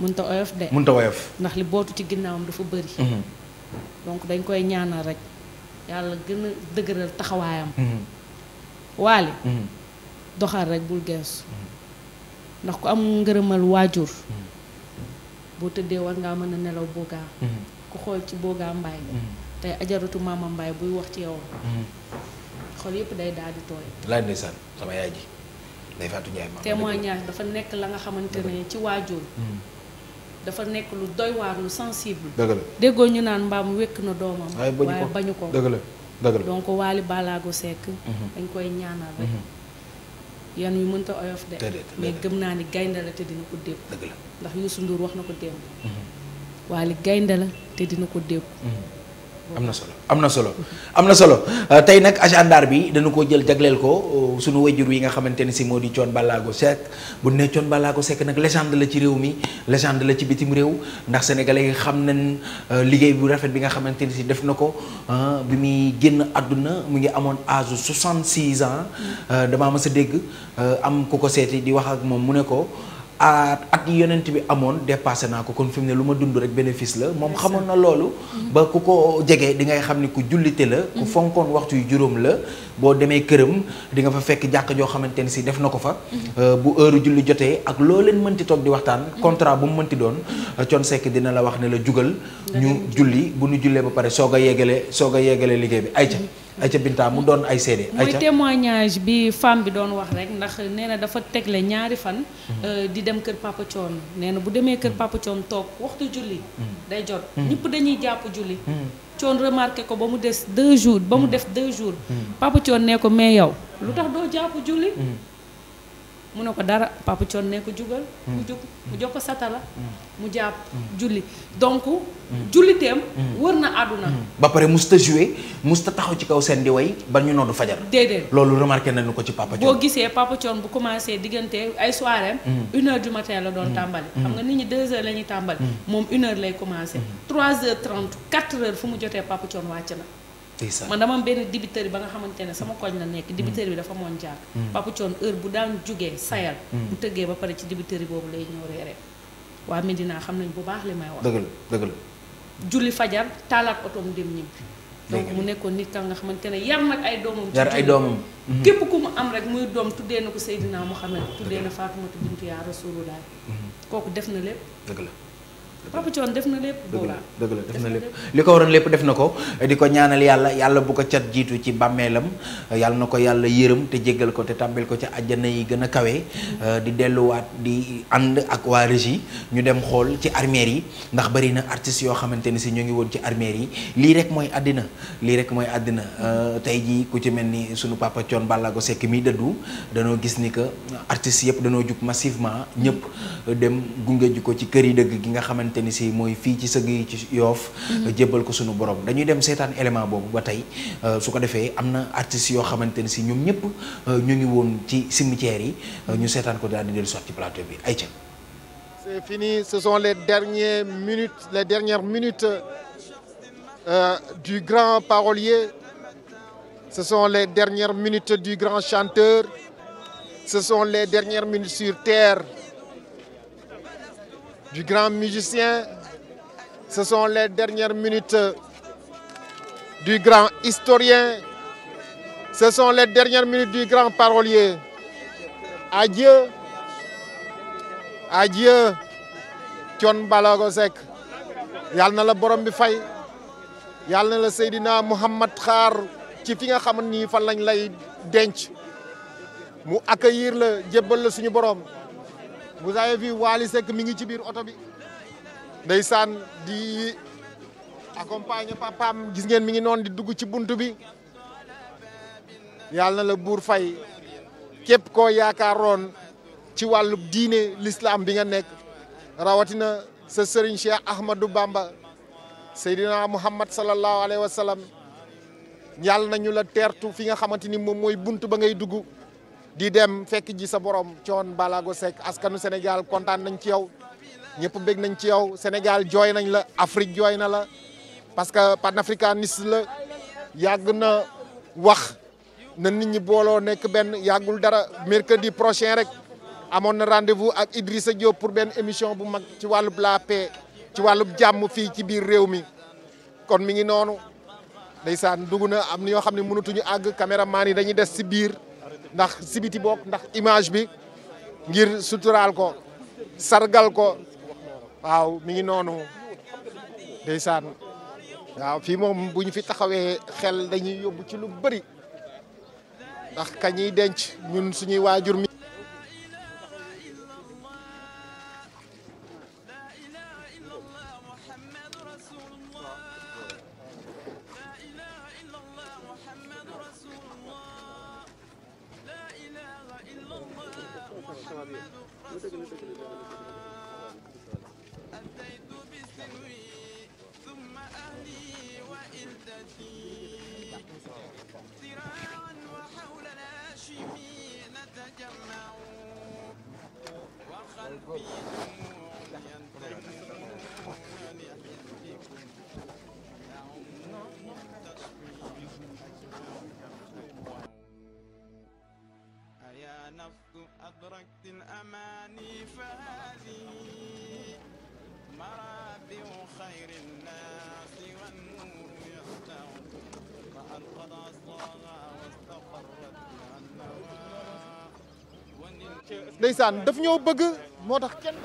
mënut a oyof de. mënut a oyof. ndax li bootu ci ginnaawam dafa bëri. donc dañ koy ñaanal rek yàlla gën a dëgëral taxawaayam. Wally. doxal rek bul geesu ndax ku am ngërëmal waajur boo tëddee war ngaa mën a nelaw boogaa ku xool ci boogaa mbaay te ajaratu maama mbaay buy wax ci yow xool yëpp day daal di tooy laaj ndeysaan sama dafa nekk la nga xamante ne ci waajur dafa nekk lu doy waar lu sensible dëgg ñu naan mbaam wékk na doomam waaye bañu ko dëgg la dëgg waali balaago sekk dañ koy ñaanal rek mhm. yan wi mënta oyof de mais gëm naa ni gaynde la te dina ko dépp ndax Youssou Ndour wax na ko démb mhm. waaye gaynde la te dina ko dépp mhm. am na solo am na solo am na solo euh, tey nag agendar bi dañu ko jël jagleel ko euh, suñu wajur yi nga xamante ne si moo di Thione Ballago Seck bu ne Thione Ballago Seck nag légende la ci réew mi légende la ci bitim réew ndax sénégalais yi xam nañ euh, liggéey bu rafet bi nga xamante ne si def na ko bi muy génn àdduna mu ngi amoon âge 66 ans damaa mës a dégg am ku ko seeti di wax ak moom mu ne ko at ak yeneent bi amoon dépassé naa ko kon fi ne lu ma dund rek bénéfice la moom xamoon na loolu mhm. ba ku ko jege di ngay xam ni ku jullite la ku mhm. fonkoon waxtu yu juróom la boo demee këram di nga fa fekk jàkk joo xamante ni si def na ko fa mhm. euh, bu heure julli jotee ak loo mënti toog di waxtaan contrat bu mu mënti doon con sekk dina la wax ne la jugal ñu julli bu ñu jullee ba pare soog a yeegale soog a yeegale liggéey bi ay ayca Aïcha Binta mu doon ay seede. mooy témoignage bi femme bi doon wax rek ndax nee na dafa tegle ñaari fan. Mhm. Euh, di dem kër Papa Thion nee na bu demee kër mhm. Papa Thion toog waxtu julli. Mhm. day jot ñëpp dañuy jàpp julli. coon remarqué ko ba mu des deux jours ba mu def deux jours. Papa Thion nee ko mais yow lu tax doo jàpp julli. mu ne ko dara papa coon ne ko jugal mm. mu jug mu jox ko satala mm. mu jàpp mm. julli donc julliteem wër na àdduna ba pare musta mus musta taxaw ci kaw seen di way ba ñu noddu fajar déedéet loolu remarqué nañu ko ci papa coon boo gisee papa con bu commencé diggante ay soirée une heure du matin la doon tàmbali xam nga nit ñi deux heures la ñuy tàmbali moom une heure lay commencé trois heures trente quatre heures fu mu jotee papa con wàcc na man dama am benn dibiteri ba nga xamante ne sama koñ la nekk dibiteri bi dafa mondial mm. mm. Papa Thione heure bu daan jógee sayal mm. bu tëggee ba pare ci dibiteri boobu lay ñëw reere waa Medina xam nañ bu baax li may wax dëgg la dëgg la julli fajar taalaat otoom dem ñibbi donc mu nekkoon nit ka nga xamante ne yar nag ay doomam yar ay doomam mm-hmm. képp ku mu am rek muy doom tuddee na ko Seydina Mouhamed tuddee na Faatumata bintu yaa Rasulullah mm-hmm. kooku def na lépp dëgg la Papa Thione def na lépp Bola dëgg la def na lépp li ko waroon lépp def na ko di ko ñaanal yàlla yàlla bu ko cat jiitu ci bàmmeelam yàlla na ko yàlla yërëm te jéggal ko te tàmbel ko ci àjjana yi gën a kawe euh, di delluwaat di ànd ak waa régie ñu dem xool ci armeer yi ndax bari na artistes yoo xamante ni si ñoo ngi woon ci armeer yi lii rek mooy àddina lii rek mooy àddina euh, tey ji ku ci mel ni sunu Papa Thione sekk Seck mi dëddu danoo gis ni que artistes yëpp danoo jug massivement ñëpp xamante ni si mooy fii ci sëgg yi ci yof mhm. jébbal ko suñu borom dañuy dem seetaan element bobu ba tey euh, su ko defé amna na artistes yoo xamante ni si ñoom ñëpp euh, ñu ngi woon ci cimetière yi euh, ñu seetaan ko daal di dellu soit plateau bi ay ca c'est fini ce sont les dernières minutes les dernières minutes euh, du grand parolier ce sont les dernières minutes du grand chanteur ce sont les dernières minutes sur terre du grand musicien. Ce sont les dernières minutes du grand historien. Ce sont les dernières minutes du grand parolier. Adieu. Adieu. Thione Balago Seck yàlla na la borom bi fay la Seydina Muhammad Khar. ci fi nga xam fan lañ accueillir le jébbal la suñu borom. vous avez vu Wally Seck mi ngi ci biir oto bi ndeysaan di accompagner papam gis ngeen mi ngi noonu di dugg ci buntu bi yàlla na la buur fay képp koo yaakaaroon ci wàllub diine l'islam bi nga nekk rawatina sa sëriñ Cheikh Ahmadou Bamba Seydina Muhammad sallallahu Alaihi Wasallam. sallam yàlla nañu la teertu fi nga xamante ni moom buntu ba ngay dugg di dem fekk ji sa borom balago sek askanu Senegal kontan nañ ci yow ñëpp bég nañ ci yow sénégal jooy nañ la afrique jooy na la parce que panafricaniste la yàgg na wax na nit ñi dara mercredi prochain rek amon na rendez-vous ak Idrissa Diop pour benn émission bu mag ci wàllub la paix ci wàllub jàmm fii ci biir réew mi kon mi ngi noonu ndeysaan dugg am caméraman yi dañuy ndax sibiti bokk ndax image bi ngir suturaal ko sargal ko waaw mi ngi noonu ndeysaan waaw fii moom bu ñu fi taxawee xel dañuy yóbbu ci lu bëri ndax kañuy denc ñun suñuy waajur mi ndeysaan daf ñoo bëgg moo tax kenn.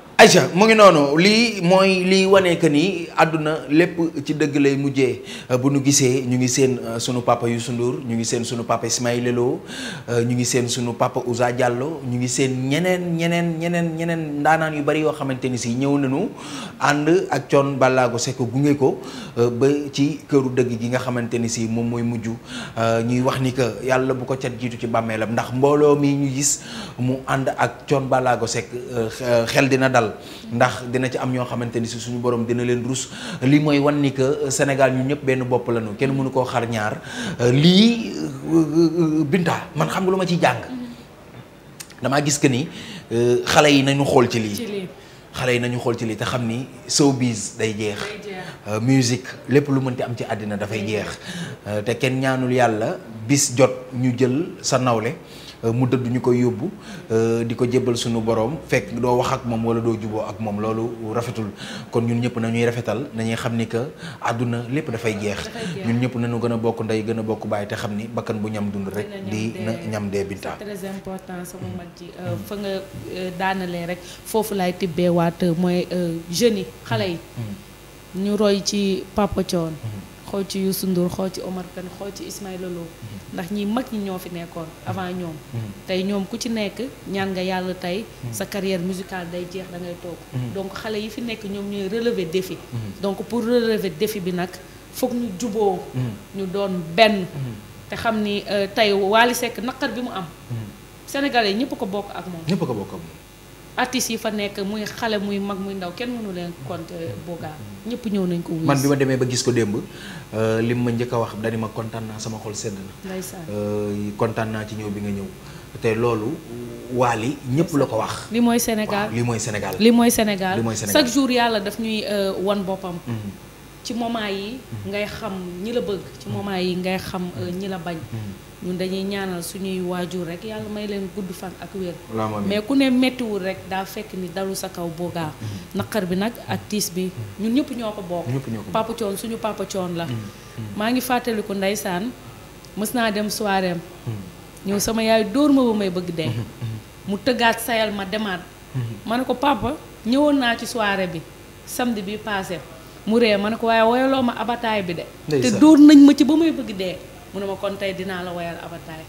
mu ngi noonu lii mooy lii wane que ni àdduna lépp ci dëgg lay mujjee euh, bu nu gisee ñu ngi seen euh, sunu papa yu Ndour ñu ngi seen sunu papa Ismaïla Lô euh, ñu ngi seen sunu papa Ouza Diallo ñu ngi seen ñeneen ñeneen ñeneen ñeneen ndaanaan yu bari yoo xamante ni si ñëw nañu ànd ak coon Thione Ballago Seck gunge ko ba ci këru dëgg gi nga xamante ni si moom mooy mujj ñuy wax ni que yàlla bu ko cat jiitu ci bàmmeelam ndax mbooloo mi ñu gis mu ànd ak Thione Ballago Seck xel dina dal. ndax dina ci am ñoo xamante ni si suñu borom dina leen rus lii mooy wan ni que euh, Sénégal ñu ñëpp benn bopp lañu kenn mënu koo xar ñaar euh, lii euh, Binta man xam nga lu ma ciy jàng damaa gis que ni xale yi nañu xool ci lii xale yi nañu xool ci lii te xam ni showbiz day jeex musique lépp lu mën mënti am ci àddina dafay jeex te kenn ñaanul yàlla bis jot ñu jël sa nawle Euh, mu dëdd ñu koy yóbbu euh, di ko jébbal sunu borom fekk doo wax ak moom wala doo juboo ak moom loolu rafetul kon ñun ñëpp nañuy rafetal nañuy xam ni que àdduna lépp dafay jeex ñun ñëpp nañu gën a bokk ndey gën a bokk bàyyi te xam ni bakkan bu ñam dund rek di na ñam dee binta c'est très important sama mag ji euh, fa nga daanalee rek foofu laay tibbeewaat mooy jeunes yi xale yi mm-hmm. ñu roy ci Papa Thione mm-hmm. xool ci Youssou Ndour xool ci Omar Pène xool ci Ismaïla Lo mm-hmm. ndax ñi mag ñi ñoo fi nekkoon avant mm-hmm. ñoom mm-hmm. tey ñoom ku ci nekk ñaan nga yàlla tey sa carrière musicale day jeex da ngay toog donc xale yi fi nekk ñoom ñooy relever defi donc pour relever defi bi nag foog ñu juboo ñu doon benn te xam ni euh, tey Wally Seck naqar bi mu am sénégalais ñëpp ko bokk ak moom ñëpp ko bokk ak moom artistes yi fa nekk muy xale muy mag muy ndaw kenn mënu leen compter euh, Boga ñëpp ñëw nañ ko. man bi ma demee ba gis ko démb euh, lim ma njëkk a wax dani ma kontaan sama xol sedd na. ndeysaan euh, kontaan naa ci ñëw bi nga ñëw te loolu. waali ñëpp la ko wax. li mooy Sénégal li mooy Sénégal. li mooy Sénégal chaque jour yàlla daf ñuy wan boppam. Mhm. ci moment yi ngay xam ñi la bëgg ci moment yi ngay xam euh, ñi la bañ hmm. ñun dañuy ñaanal suñuy waajur rek yàlla may leen gudd fan ak wér mais ku ne méttiwul rek daa fekk ni dalu sa kaw boogaa hmm. naqar bi nag ak tiis bi hmm. ñun ñëpp ñoo ko bokk papa coon suñu papa coon la maa ngi fàttaliku ndeysaan mës naa dem soiréem ñëw sama yaay dóor ma ba may bëgg dee mu tëggaat sayal ma demaat ma ne ko papa ñëwoon naa ci soirée bi samedi bi passé mu ree ma ne ko waaye woyaloo ma abataay bi de te dóor nañ ma ci ba may bëgg dee mu ne ma kon tey dinaa la woyal abataay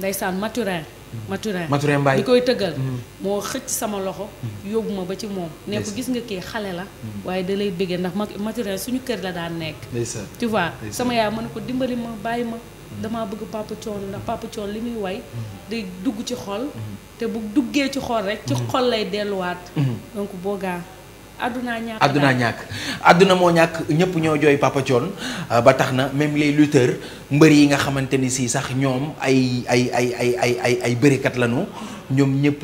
ndeysaan mm. maturin maturin maturin mbaay di koy tëggal mm. moo xëcc sama loxo mm. yóbbu ma ba ci moom ne gis nga kii xale la waaye da lay bëggee ndax maturin suñu kër la daan nekk tu vois sama yaay ma ko dimbali ma bàyyi ma damaa bëgg Papa Thione ndax Papa Thione li muy woy day dugg ci xol te bu duggee ci xol rek ci xol lay delluwaat donc boogaa addunaa ñàkk àdduna moo ñàkk ñëpp ñoo jooy Papa Thione euh, ba tax na même les lutteurs mbër yi nga xamante ni si sax ñoom ay ay ay ay ay ay ay bërikat lañu ñoom ñëpp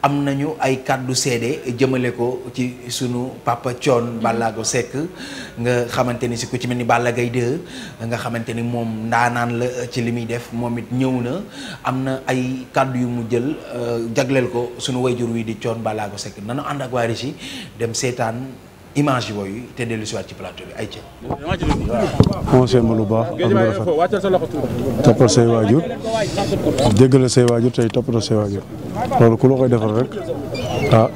am nañu ay kàddu seede jëmale ko ci sunu papa Thione Ballago Seck nga xamante ni si ku ci mel ni Balla Gaye 2 nga xamante ni moom ndaanaan la ci li muy def moom it ñëw na am na ay kàddu yu mu jël euh, jagleel ko sunu jur wii di Thione Ballago Seck nanu ànd ak waa Régis dem seetaan image yooyu te dellu si waat ci plateau ay ca. seen ma lu baax am nga rafet toppal say waajur déggal say waajur tey toppatoo say waajur loolu ku loo koy defal rek ah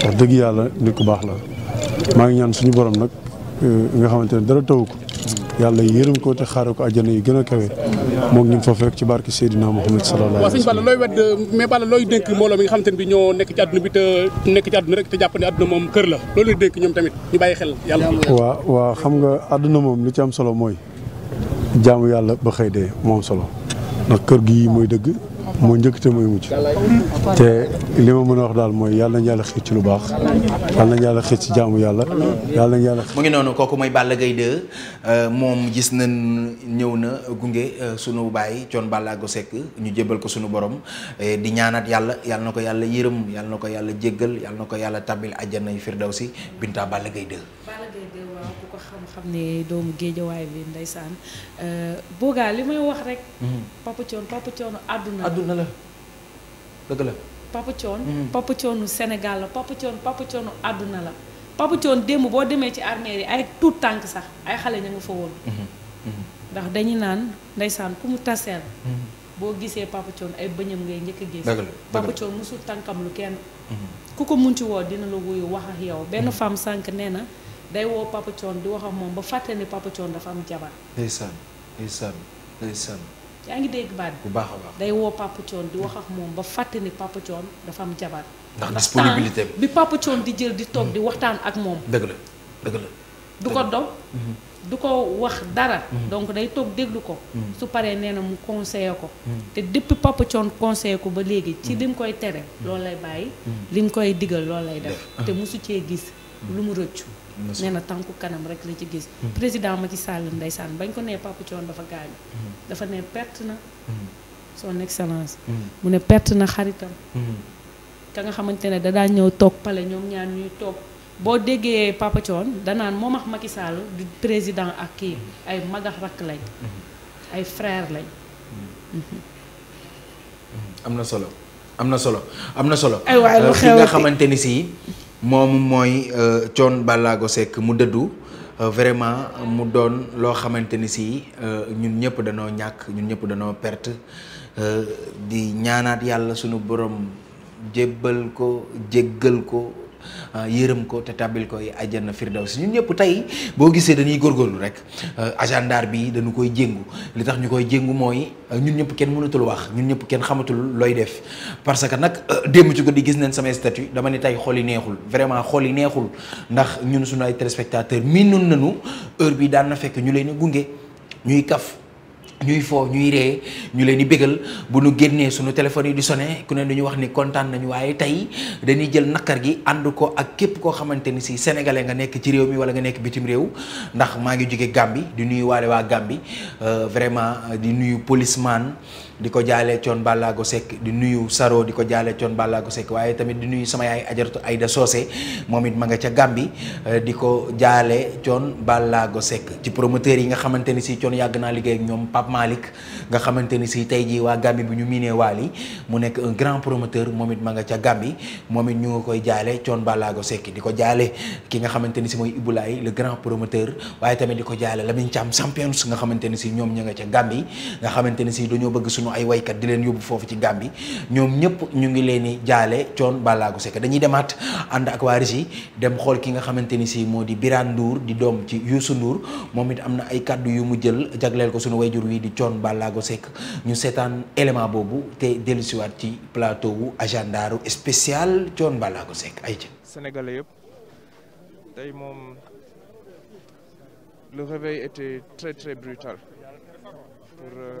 wax dëgg yàlla nit ku baax la maa ngi ñaan suñu borom nag eh, nga xamante ne dara tawu ko yàlla yërëm ko te xaaral ko àjjana yu gën a kawe moom ñu fa fekk ci barke Seydina Muhammad sallallahu alayhi wa sallam. waaw sëñ Balla looy wedd looy dénk mbooloo mi nga xamante ne bi ñoo nekk ci àdduna bi te nekk ci àdduna rek te jàpp àdduna moom kër la loolu la dénk ñoom tamit ñu bàyyi xel yàlla. waaw xam nga àdduna moom li ci am solo mooy jaamu yàlla ba xëy dee moom solo ndax kër gi mooy dëgg moo njëkk te mooy mujj te li ma mën a wax daal mooy yàlla nañu yàlla ci lu baax yàlla nañu yàlla ci jaamu yàlla yàlla nañu yàlla mu ngi noonu kooku mooy Balla Gaye 2 euh, moom gis na ñëw na gunge euh, sunu baay Thione Ballago sekk ñu jébbal ko sunu borom euh, di ñaanaat yàlla yàlla na ko yàlla yërëm yàlla na ko yàlla jéggal yàlla na ko yàlla tabbil àjjana yi firdawsi Binta Balla Gaye 2 waaw ku ko xam-xam ne doomu géejawaay bi ndeysaan euh, boogaa li may wax rek. Mhm. Papa Thione àdduna la àdduna la dëgg la. Papa Thione. Mhm. Papa àdduna la Papa Thione démb boo demee ci armée yi ay tuut tànk sax ay xale ña nga fa woon. Mhm. ndax dañu naan ndeysaan ku mu taseel. boo gisee Papa Thione ay bëñam ngay njëkk a gis. dëgg la tànkam lu kenn. ku ko munti woo dina la wuyu wax ak benn femme sànq nee day woo Papa di wax ak moom ba fàttani ne dafa am jabar. ndeysaan ndeysaan ndeysaan. yaa ngi dégg baat bi bu baax a baax di wax ak moom ba fàtte ni dafa am jabar. ndax disponibilité di jël di toog di mm-hmm. waxtaan ak moom. dëgg la du ko dow mm-hmm. du ko wax dara. Mm-hmm. donc day toog déglu ko. su paree nee na mu conseillé ko. te depuis Papa Thione conseillé ko ba léegi. ci lim koy tere. loolu lay bàyyi. li lim koy digal loolu lay def. Uh-huh. te mosu cee gis lu mu rëccu. nee na tànku kanam rek la ci gis. Hmm. président Macky Sall ndeysaan bañ ko nee Papa Thione dafa gaañu. Hmm. dafa ne perte na. Hmm. son excellence. mu ne perte na xaritam. ka nga xamante ne da daan ñëw toog pale ñoom ñaan ñuy toog boo déggee Papa danaan moom ak Macky Sall du président ak kii ay magax rakk lañ. ay frère lañ. am na solo am na solo am na solo. ay waay lu xew euh, nga xamante ni si. moom mooy euh, Thione Ballago Seck mu dëddu euh, vraiment mu doon loo xamante ni si euh, ñun ñëpp danoo ñàkk ñun ñëpp danoo perte di ñaanaat yàlla sunu borom jébbal ko jéggal ko Ah, yërëm ko te tàbbil koy àjjana si ñun ñëpp tey boo gisee dañuy góorgóorlu rek ah, agendar bi dañu koy jéngu li tax ñu koy jéngu mooy ah, ñun ñëpp kenn mënatul wax ñun ñëpp kenn xamatul looy def parce que nag démb ci di gis nañ samay statut dama ne tey xool yi neexul vraiment xool yi neexul ndax ñun suñu ay téléspectateurs miinoon nañu heure bi daan na fekk ñu leen gunge ñuy kaf ñuy foo ñuy ree ñu leen di bégal bu nu génnee suñu téléphone yi di sonné ku ne dañu wax ni kontaan nañu waaye tey dañuy jël naqar gi ànd ko ak képp koo xamante ni si sénégalais nga nekk ci réew mi wala nga nekk bitim réew ndax maa ngi jóge Gambie di nuyu waale waa Gambie euh, vraiment di nuyu policeman di ko jaalee coon Ballago di nuyu Saro di ko jaalee coon Ballago Seck tamit di nuyu sama yaay ajaratu Aida sosé, momit it ma nga ca Gàmbi eh, di ko jaale coon Ballago Seck ci promoteur yi nga xamante ni si coon yàgg naa ak ñoom nga xamante ni si wa jii bu ñu miinee Wally mu nekk un grand promoteur moom it ma nga ca Gàmbi moom ñu ngi koy jaale coon Ballago di ko ki nga xamante ni si mooy le grand promoteur waaye tamit di ko jaale Lamine Thiam champions nga xamante ni si ñoom ña nga ca Gàmbi nga xamante ni bëgg suñu sunu ay waykat di leen yóbbu foofu ci Gàmbi ñoom ñëpp ñu ngi leen di jaale Thione Ballago Seck dañuy demaat ànd ak waa dem xool ki nga xamante ni si moo di Birane di doom ci Youssou Ndour moom it am na ay kàddu yu mu jël jagleel ko sunu wayjur wi di Thione Ballago Seck ñu seetaan élément boobu te dellusiwaat ci plateau wu agendaaru spécial Thione Ballago Seck ay Sénégalais yëpp tey moom le réveil était très très brutal pour euh,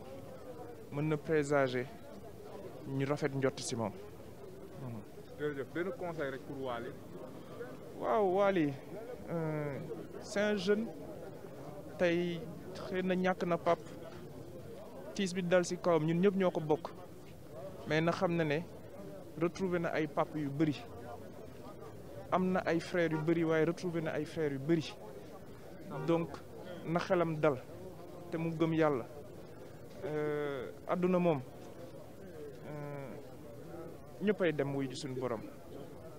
mën na présager ñu rafet njott si moom. jërëjëf benn conseil rek pour Wally. waaw Wally euh, c'est un jeune tay xëy ñak na pap tis bi dal ci kawam ñun ñëpp ñoko bok mais na xam na ne retrouvé na ay pap yu bëri amna ay frère yu bëri way retrouver na ay frère yu bëri donc na xelam dal te mu gëm yalla Euh, àdduna moom euh, ñëppay dem wuy ji suñu borom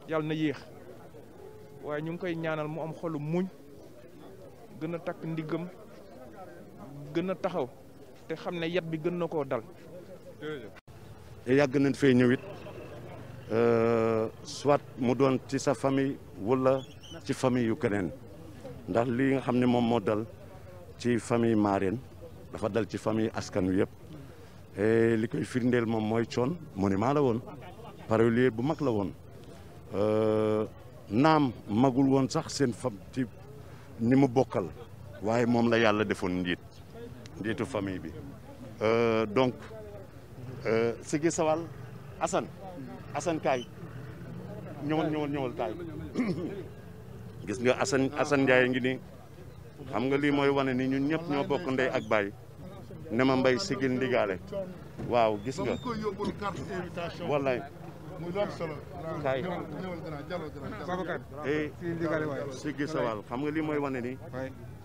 yàlla na yéex waaye ñu ngi koy ñaanal mu am xolu muñ gën a takk ndiggam gën a taxaw te xam ne yat bi gën na koo dal. yàgg nañ fay ñëw it euh, soit mu doon ci sa famille wala ci famille yu keneen ndax lii nga xam ne moom moo dal ci famille Marène. dafa dal ci famille askan wi yëpp et li koy firndeel moom mooy coon monument la woon parolier bu mag la woon euh, naam magul woon sax seen fam ci ni mu bokkal waaye moom la yàlla defoon njiit njiitu famille bi euh, donc euh, Sigi Sawal Assane Assane Kaay ñëwal ñëwal ñëwal Kaay gis nga Assane Assane Ndiaye ngi xam nga lii mooy wane ni ñun ñëpp ñoo bokk ndey ak baay ne ma mbay sigil ndigaale waaw gis nga wallaay kaay eh xam nga lii mooy wane ni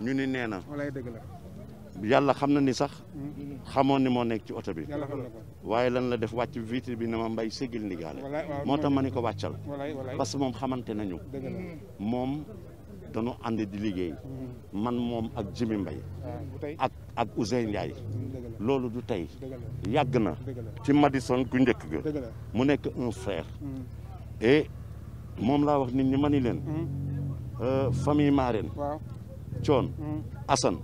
ñu ni nee na yàlla xam na ni sax xamoon ni moo nekk ci oto bi waaye lan la def wàcc vitre bi ne ma mbay sigil ndigaale moo tax ma ni ko wàccal parce que moom xamante nañu moom dañu ànd di liggéey mm-hmm. man moom ak Jimi Mbaye mm-hmm. ak ak Ousseyn Ndiaye mm-hmm. loolu du tey yàgg na ci Madison gu njëkk ga mu nekk un frère et moom laa wax nit ñi ma ni leen euh, famille Marène Thione Assane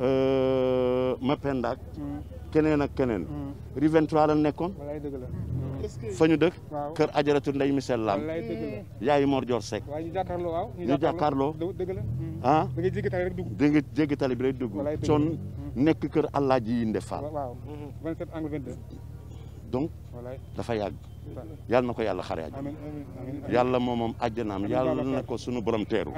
euh, Mapenda ak keneen a keneen. Hmm. Rue 23 la nekkoon. wallaay dëgg la. Hmm. fa ñu dëkk. kër ajaratu ndey Michel Lam. wallaay dëgg la. Hmm. yaayu Mor Dior Seck. waaw ñu jàkkaarloo waaw. ñu jàkkaarloo dëgg la. Ah. ah da ngay jéggi tali rek bi rek dugg. wallaay dëgg la nekk kër Alaaji Yinde Fall. waaw 27 angle 22. donc dafa yàgg yàlla na ko yàlla xare aj yàlla moom moom àjjanaam yàlla na ko sunu borom teeru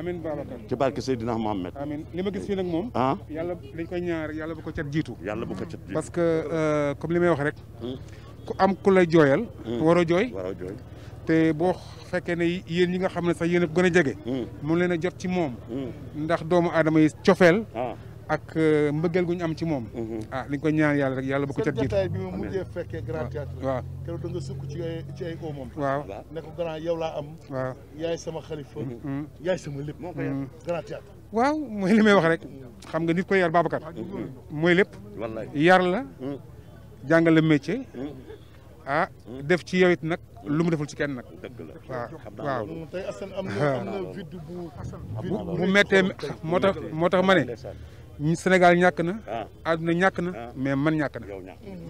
ci barke Seydina Mohamed li ma gis fii nag moom ah yàlla dañ koy ñaar yàlla bu ko cat jiitu yàlla bu ko cat jiitu parce que euh, comme li may wax rek hmm. ku am ku lay jooyal hmm. waroo jooy waroo jooy te boo fekkee ne yéen ñi nga xam ne sax yéen a gën a jege hmm. mun leen a jot ci moom ndax doomu aadama yi cofeel ah. ak euh, mbëggeel gu ñu am ci moom. Mhm. ah li ñu koy ñaan yàlla rek yàlla bu ko ca jiitu. bi mu fekkee grand théâtre. waaw keroog da nga sukk ci ay ci ay laa am. waaw sama xalifa. Mhm. Mhm. yaay sama lépp. waaw mooy li may wax rek. xam nga nit koy yar Babacar. mooy lépp. yar la. jàngal la métier. ah def ci yow it nag lu mu deful ci kenn nag. dëgg la waaw waaw tey moo tax moo tax ma ne. ñi Sénégal ñàkk na. Ah. àdduna ñàkk na ah. mais man ñàkk na.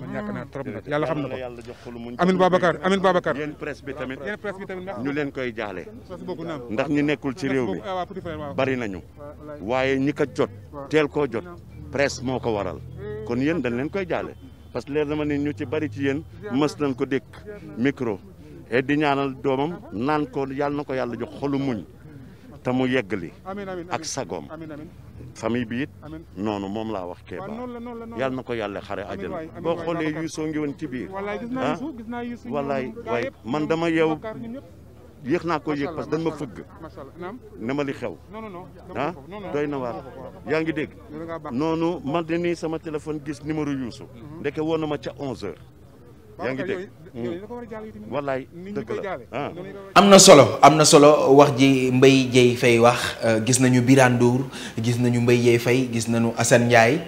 man ñàkk na trop yàlla xam na ko. Amin Babacar Amin Babacar. yéen presse bi tamit ñu leen koy jaale. ndax ñu nekkul ci réew mi ah, bari nañu. waaye ñi ko jot teel koo jot presse moo ko waral kon yéen dañ leen koy jaale parce que leer dama ne ñu ci bari ci yéen mës nañ ko dékk micro. et di ñaanal doomam naan ko yàlla na ko yàlla jox xolu muñ te mu yeggali ak sagoom famille bi it noonu moom laa wax Kéba yàlla na ko yàlla xare àjjana boo xoolee Youssou ngi woon ci biir ah wallaay man dama yeew yéex naa ko yéeg parce que dañ ma fëgg ne ma li xew ah doy na waar yaa ngi dégg noonu man de nii sama téléphone gis numéro Youssou mhm. ndeke woon na ma ca 11h. yaa ngi hmm. ah. am na solo am na solo wax ji Mbaye Dieye Faye wax euh, gis nañu Birane Ndour gis nañu Mbaye Dieye Faye gis nañu Assane Ndiaye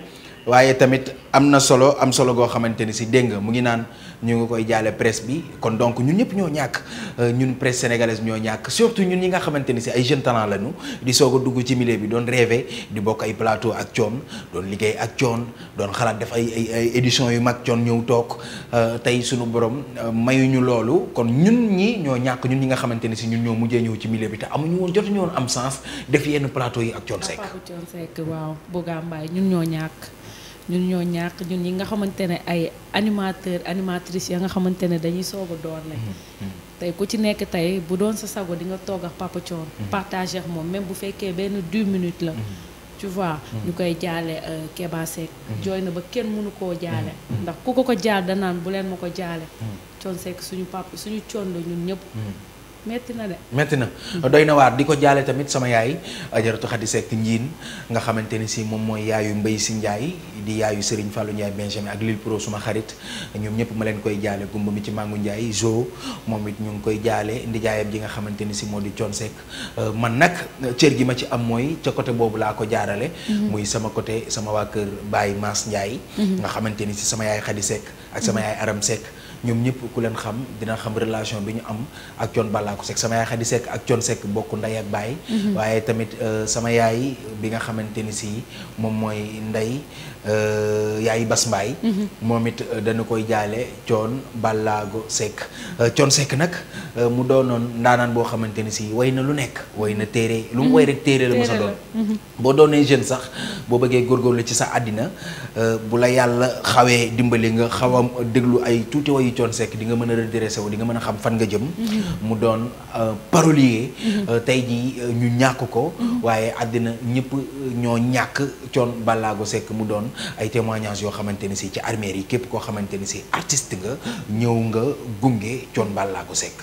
waaye tamit am na solo am solo goo xamante ni si dégg nga mu ngi naan ñu ngi koy jaale presse bi kon donc ñun ñëpp ñoo ñàkk euh, ñun presse sénégalaise ñoo ñàkk surtout ñun ñi nga xamante ni si ay jeunes talent lañu di soog a dugg ci milieu bi doon rêvé di bokk ay plateau ak coon doon liggéey ak coon doon xalaat def ay ay édition yu mag coon ñëw toog euh, tey suñu borom euh, mayuñu loolu kon ñun ñi ñoo ñàkk ñun ñi nga xamante ni si ñun ñoo mujjee ñëw ci milieu bi te amuñu woon jotuñu woon am sens def yenn plateau yi ak coon Seck. ñun ñoo ñàkk. ñun ñoo ñàkk ñun ñi nga xamante ne ay animateur animatrice ya nga xamante ne dañuy soog a doon mm-hmm. tey ku ci nekk tey bu doon sa sago di nga toog ak Papa mm-hmm. partager moom même bu fekkee benn 10 minutes la mm-hmm. tu vois ñu koy jaale euh, Keba Seck jooy na ba kenn mënu koo jaale ndax ku ko ko jaal danaan bu leen ma ko jaale Thione Seck suñu papa suñu Thione la ñun ñëpp metti na de. metti na doy na waar di ko jaale tamit sama yaay ajaratu Xadi sekk njiin nga xamante ni si moom mooy yaayu Mbaye si Ndiaye di yaayu Serigne Fallou Ndiaye Benjamin ak Lille Pro suma xarit ñoom ñëpp ma leen koy jaale gumba mi ci Mangu Ndiaye jo moom it ngi koy jaale ndijaayam ji nga xamante ni si moo di Thione sekk man nag cër gi ma ci am mooy ca côté boobu laa ko jaarale. Mhm. muy sama côté sama waa kër Baye Mass Ndiaye. Mhm. nga xamante ni si sama yaay Xadi Seck ak sama mhm. yaay Aram Seck. ñoom ñëpp ku leen xam dina xam relation bi ñu am ak Thione Ballago Seck sama yaay Khady Seck ak Thione Seck bokk ndey ak baay. Mhm. waaye tamit euh, sama yaay bi nga xamante si moom mooy ndey Euh, yaay Bas Mbaye mhm. moom it euh, dana koy jaale Thione Ballago sekk euh, Thione Seck nag mu doonoon ndaanaan boo xamante ni si way na lu nekk way na téere lu mu mhm. way rek téere la mësa doon mhm. boo doonee jeune sax boo bëggee góorgóorlu ci sa àddina bu la yàlla xawee dimbali nga xaw a déglu ay tuuti woyu Thione Seck di nga mën a redressé wu di nga mën a xam fan nga jëm mu doon parolier tey ji ñu ñàkk ko waaye àddina ñëpp ñoo ñàkk Thione Ballago sekk mu doon ay témoignages yoo xamante ni si ci armée yi képp koo xamante ni si artiste nga ñëw nga gunge Thione Ballago Seck.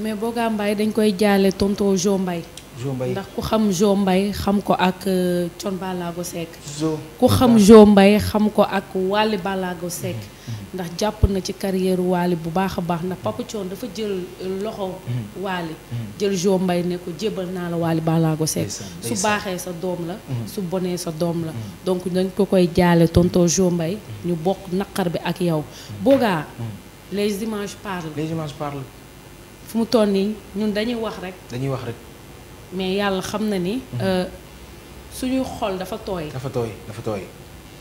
mais Boga Mbaye dañ koy jaale tonton Jo Mbaye Jo Mbaye ndax ku xam Jo mbay xam ko ak euh, Thione Ballago Seck. ku xam Jo mbay xam ko ak Waly Ballago Seck. Mm-hmm. ndax jàpp na ci carrière Waly bu baax a baax ndax Papa Thione dafa jël euh, loxo. Mm-hmm. Waly mm-hmm. jël Jo mbay ne ko jébal naa la Waly Ballago Seck. su baaxee sa doom la. su bonee sa doom la. donc dañ ko koy jaale tonton Jo mbay ñu bokk naqar bi ak yow. boogaa les images parlent. fu mu toll nii ñun wax rek. dañuy wax rek. mais yàlla xam na ni. Mhm. Euh, suñuy xol dafa tooy. dafa tooy dafa tooy.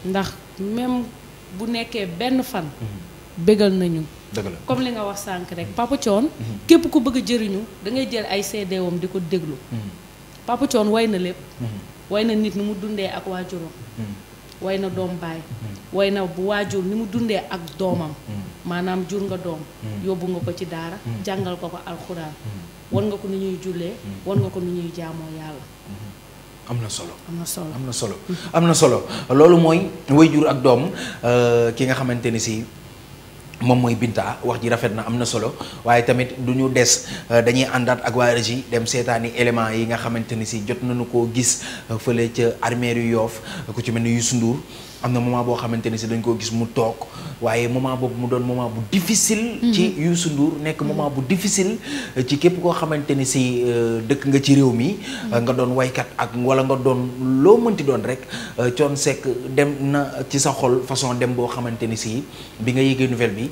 ndax même bu nekkee benn fan. Mhm. bégal nañu. comme li nga wax sànq rek mhm. Papa Thione. képp ku bëgg jëriñu dangay ngay jël ay CD di ko déglu. Papa Thione na lépp. way na nit ni mu dundee ak waajuram. way na doom baay. way na bu waajur ni mu dundee ak doomam. maanaam jur nga doom. yóbbu nga ko ci daara. jàngal ko ko alxuraan. wan nga ko ni ñuy jullee mm-hmm. wan nga ko ni ñuy jaamoo yàlla mm-hmm. am na solo am na solo solo mm-hmm. am na solo loolu mooy wayjur ak doom euh, ki nga xamante ni si moom mooy Binta wax ji rafet na am na solo waaye tamit du ñu des euh, dañuy àndaat ak waa régie dem seetaani éléments yi nga xamante ni si jot nañu ko gis euh, fële ca armée yu yoof ku ci mel ni Youssou Ndour am na moment boo xamante ni si dañ koo gis mu toog waaye moment boobu mu doon moment bu difficile. ci mhm. Youssou Ndour nekk mhm. moment bu difficile euh, ci képp koo xamante ni si euh, dëkk nga ci réew mi. Mhm. Euh, nga doon waykat ak wala nga doon loo mënti doon rek coon sekk dem na ci sa xol façon dem boo xamante ni si bi nga yéegee nouvelle bi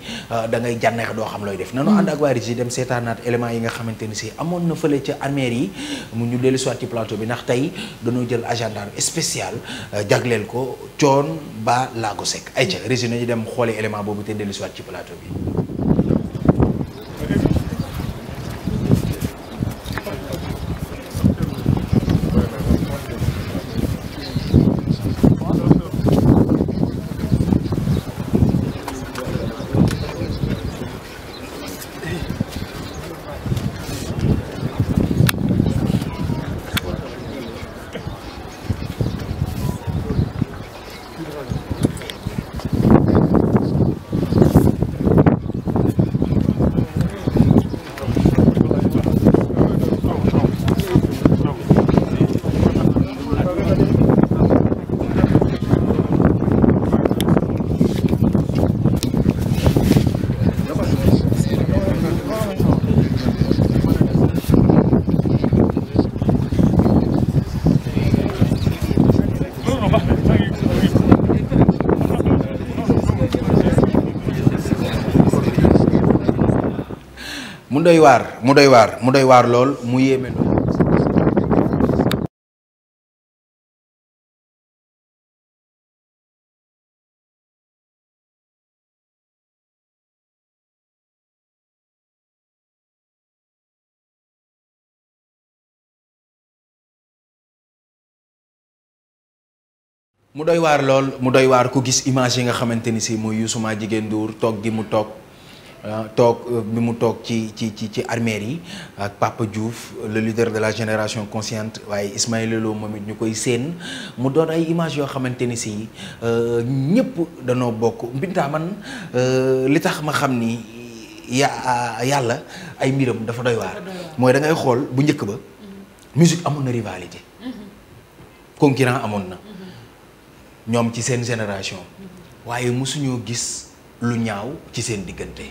dangay ngay doo xam looy def. na nanu ànd ak waa RIS dem seetaanaat éléments yi nga xamante ni si amoon na fële ci armée yi mu ñu dellu soit ci plateau bi ndax tey dañoo jël agenda spécial jagleel ko coon. Ba Laago Seck. ayca région ñu dem xooli élément boobu te dellusiwaat ci plateau bi. doy waar mu doy waar lool mu doy waar lool ku gis image yi nga xamante ni si mooy jigéen Ndour toog gi mu toog Euh, toog euh, bi mu toog ci ci ci ci armée yi ak Papa Diouf le leader de la génération consciente waaye Ismaïla Lo moom it ñu koy séen mu doon ay image yoo xamante ni si euh, ñëpp danoo bokk Binta man li tax ma xam ni ya yàlla ay mbiram dafa doy waar. mooy da ngay xool bu njëkk ba. musique amoon na rivalité. Mhm. concurrent amoon na. Mhm. ñoom ci seen génération. Mhm. waaye mosuñoo gis. lu ñaaw ci seen diggante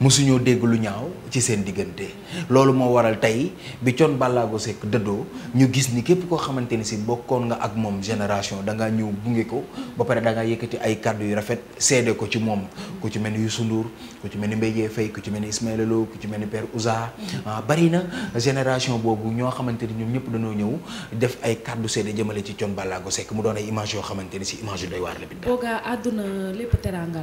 mosuñoo dégg lu ñaaw ci seen diggante loolu moo waral tey bi Thione Ballago Seck dëddoo ñu gis ni képp koo xamante ni si bokkoon nga ak moom génération da ngaa ñëw gunge ko ba pare da ngaa yëkkati ay kàddu yu rafet seede ko ci moom ku ci mel ni Youssou Ndour ku ci mel ni Mbaye Dièye ku ci mel ni Ismaïla Lo ku ci mel ni Père Ouza ah, bari na génération boobu ñoo xamante ni ñoom ñëpp dañoo ñëw def ay kàddu seede jëmale ci Thione Ballago Seck mu doon ay image yoo xamante ni si image yu doy waar la. boogaa àdduna lépp teranga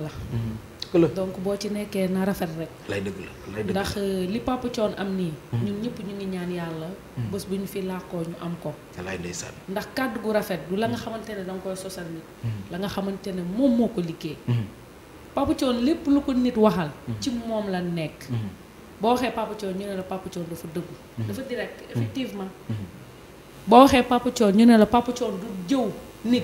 la donc boo ci nekkee na rafet rek. lay dëgg la lay dëgg ndax euh, li Papa Thion am nii. Hmm. ñu ñëpp ñu ngi ñaan yàlla. Hmm. bés bu ñu fi làkkoo ñu am ko. lay ndeysaan ndax kàdd gu rafet du la nga hmm. xamante ne da nga koy sosal nit. la nga xamante ne moom moo ko liggéey. Papa lépp lu ko nit waxal. ci moom la nekk. boo waxee Papa Thion ñu ne la Papa Thion dafa dëgg. dafa direct effectivement. boo waxee Papa Thion ñu ne la Papa du jëw nit.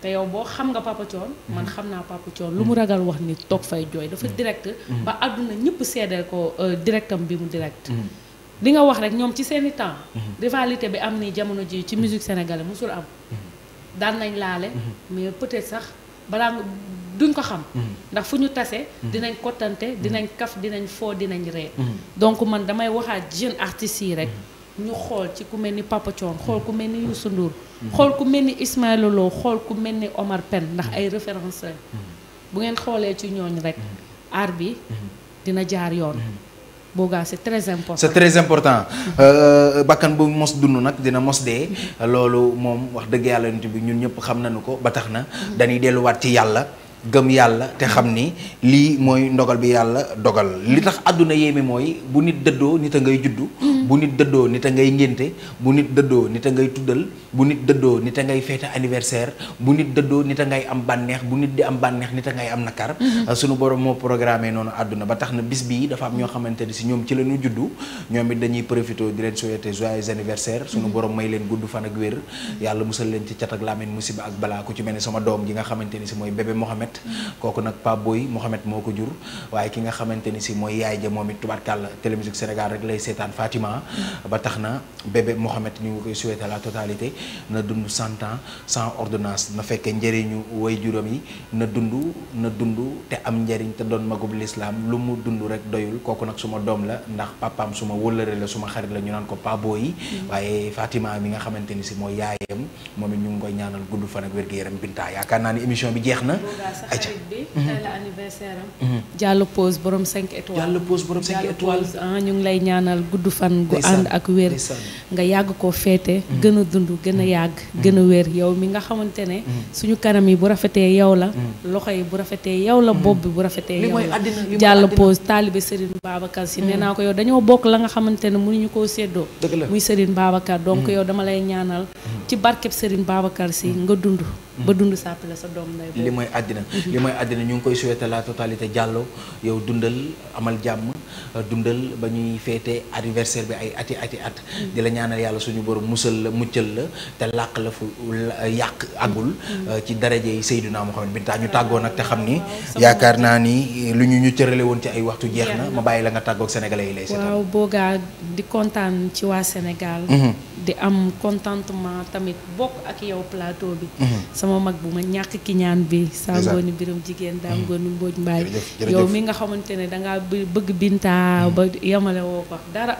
te yow boo xam nga Papa Thione mhm. man xam naa Papa Thione lu mu ragal wax ni toog fay jooy dafa mhm. direct mhm. ba àdduna ñëpp seedeel ko euh, directam bi mu direct li nga wax rek ñoom ci seeni temps rivalité bi am ni jamono ji ci musique sénégalaise mosul am daal nañ laale mais peut sax balaa duñ ko xam ndax fu ñu tase dinañ kottante dinañ kaf dinañ foo dinañ ree donc man damay waxaat jeune artistes yi rek ñu xool ci ku mel ni Papa xool ku mel ni Youssou Ndour xool ku mel ni Ismaël Lo xool ku mel ni Omar ndax ay référence bu ngeen xoolee ci ñooñ rek aar bi dina jaar yoon boogaa c'est très important c'est très important euh, bakkan bu mos dund nag dina mos dee loolu moom wax dëgg yàlla nit bi ñun ñëpp xam nañu ko ba tax na dañuy delluwaat ci yàlla gëm yàlla te xam ni lii mooy ndogal bi yàlla dogal li tax àdduna yéeme mooy bu nit dëddoo nit a ngay juddu bu nit dëddoo nit a ngay ngénte bu nit dëddoo nit a ngay tuddal bu nit dëddoo nit ngay feete anniversaire bu nit dëddoo nit a ngay am bànneex bu nit di am bànneex nit ngay am nakar mm-hmm. borom ba bis dafa am ñoo xamante ni si ñoom ci la ñu juddu ñoom it dañuy profité di leen souhaiter joyeux anniversaire sunu mm-hmm. borom may leen gudd fan ak wér yàlla musal ci ak musiba ak ku ci sama Dom ji nga xamante si bébé Mohamed mm-hmm. kooku nak Pape Boy Mohamed moo ko jur waaye ki nga xamante ni si mooy yaay ja moom it tubaarkàlla Télémusik Sénégal rek lay Fatima ans ba tax na bébé Mohamed ñu ngi koy souhaité la totalité na dund cent ans sans ordonnance na fekkee njëriñu way juróom yi na dund na dund te am njëriñ te doon magub lislaam lu mu dund rek doyul kooku nag suma doom la ndax papaam suma wëllëre la suma xarit la ñu naan ko paboo yi waaye Fatima mi nga xamante ni si mooy yaayam moom it ñu ngi koy ñaanal gudd fan ak wér-gu-yaram bintaa yaakaar naa ni émission bi jeex na aca mhm. mhm. Pose borom 5 étoiles Diallo Pose borom 5 étoiles ah, ñu ngi lay ñaanal gudd fan am gu ànd ak wér nga yàgg ko feete gën a dund gën a mm. yàgg mm. gën a wér yow mi nga xamante ne mm. suñu kanam yi bu rafetee yow la loxo yi bu rafetee yow la bopp bi bu rafetee yow la jàll pose taalibe Serigne Babacar si nee naa ko yow dañoo bokk la nga xamante ne mënuñu koo séddoo muy Serigne Babacar donc yow dama lay ñaanal ci barkeb Serigne Babacar si nga dund ba dund sàpp la sa doom lay li mooy àddina li mooy àddina ñu ngi koy souhaité la totalité Diallo yow dundal amal jàmm dundal ba ñuy féete anniversaire bi ay ati ati at mm. di la ñaanal yàlla suñu boro musal la muccal la te làq la fu yàq agul mm. euh, ci daraje yi Seydina Muhammad Binta ñu ah, tàggoon ak te xam ni yaakaar naa ni euh, lu ñu ñu cërale woon ci ay waxtu jeex na ma bàyyi la nga tàggoog sénégalais yi lay seetaan waaw boogaa di kontaan ci waa Sénégal mm-hmm. di am contentement tamit bokk ak yow sama mag bu ma ñàkk ki bi bi sangooni biram jigéen daam ngooni mbooj mbaay yow mi nga xamante ne dangaa bëgg bintaa hmm. ba yemale woo ko dara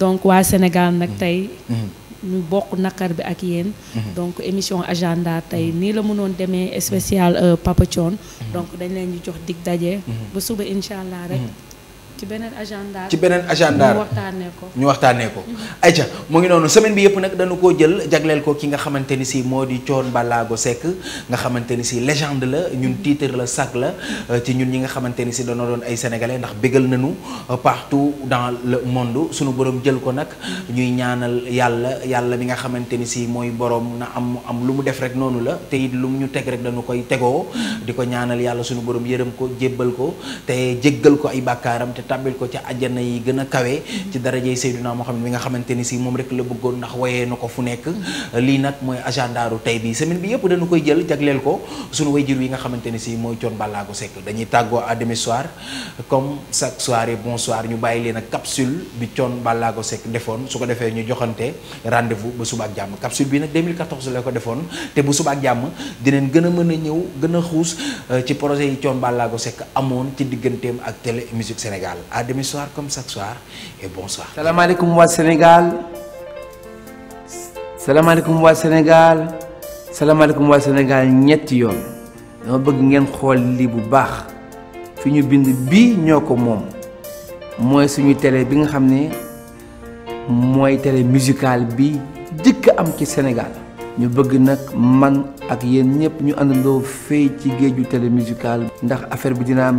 donc waa Sénégal nag hmm. tey hmm. ñu bokk naqar bi ak yéen donc émission agenda tey nii la mënoon demee spécial euh, Papa Thione donc dañ leen di jox dig daje ba suba incha allah rek ci beneen agenda. ci beneen agenda ñu waxtaanee ko ñu waxtaanee ko. ayca mu ngi noonu semaine bi yëpp nag dana koo jël jagleel ko ki nga xamante ni si moo di Thione Ballago Seck nga xamante ni si légende la ñun titre la sac la euh, ci ñun ñi nga xamante ni si dañoo doon ay sénégalais ndax bégal nañu euh, partout dans le monde sunu borom jël ko nag ñuy ñaanal yàlla yàlla bi nga xamante ni si mooy borom na am mu am lu mu def rek noonu la te it lu mu ñu teg rek dañu koy tegoo di ko yàlla sunu borom yërëm ko jébbal ko tàbbil ko ci àjjana yi gën a kawe mm-hmm. ci moo xam ne bi nga xamante ni si moom rek la bëggoon ndax woyee na ko fu nekk mm-hmm. lii nag mooy agendaaru tey bi semaine yëpp dañu koy jël jagleel ko suñu wayjur yi nga xamante ni si mooy coon bàllaago sekk dañuy tàggoo à demi soir comme chaque bon bonsoir ñu bàyyi leen ak capsule bi coon bàllaago sekk defoon su ko defee ñu joxante rendez-vous ba suba ak jàmm capsule bi nag 2014 la ko defoon te bu suba ak jàmm dineen gën a mën a ñëw gën xuus euh, ci projet yi coon bàllaago sekk amoon ci digganteem ak télé musique Sénégal À demi-soir comme chaque soir. Et bonsoir. Salam alaikum wa Sénégal. Salam alaikum wa Sénégal. Salam alaikum wa Sénégal. ñetti nous dama bëgg ngeen bu baax bind télé bi télé musicale bi am ci Sénégal ñu man ak yeen ñu fay ci télé musicale ndax affaire bi dina am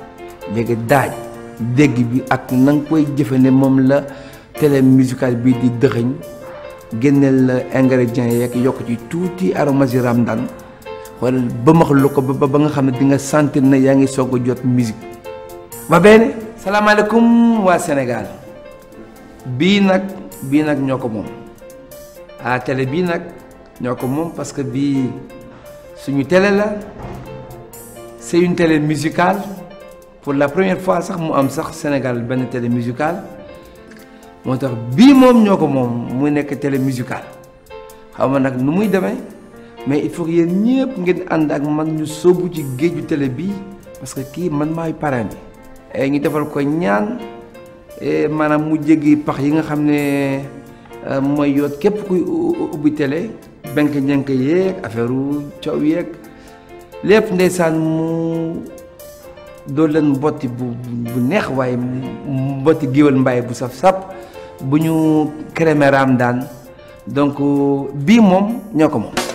léegi daaj dégg bi ak na koy jëfande moom la télé musicale bi di dëxëñ génneel la ingrédients yeeg yokk ci tuuti aromasi ramdan wala ba ko ba ba nga xam ne di nga sentir na yaa ngi soog a jot musique ba benn salaamaaleykum waa Sénégal bii nag bii nag ñoo ko moom ah télé bii nag ñoo ko moom parce que bii suñu télé la c'est une télé musicale pour la première fois sax mu am sax Sénégal ben télé musicale moo bi mom ñoko mom mu nek télé musicale xawma nak nu muy démé mais il faut que yéen ñëpp ngeen ànd ak man ñu sobu ci géeju télé bi parce que ki man may parrain bi. Eh, ñu defal ko ñaan eh, manam mu jéggi pax yi nga xamné moy eh, mooy képp kuy ubi télé benk ñenk yeeg affaire coow yeeg lépp ndeysaan mu. doo leen mbotti bu bu neex waaye mbotti géwél mbaay bu saf sap bu ñu crémeraam daan donc bii moom ñoo ko moom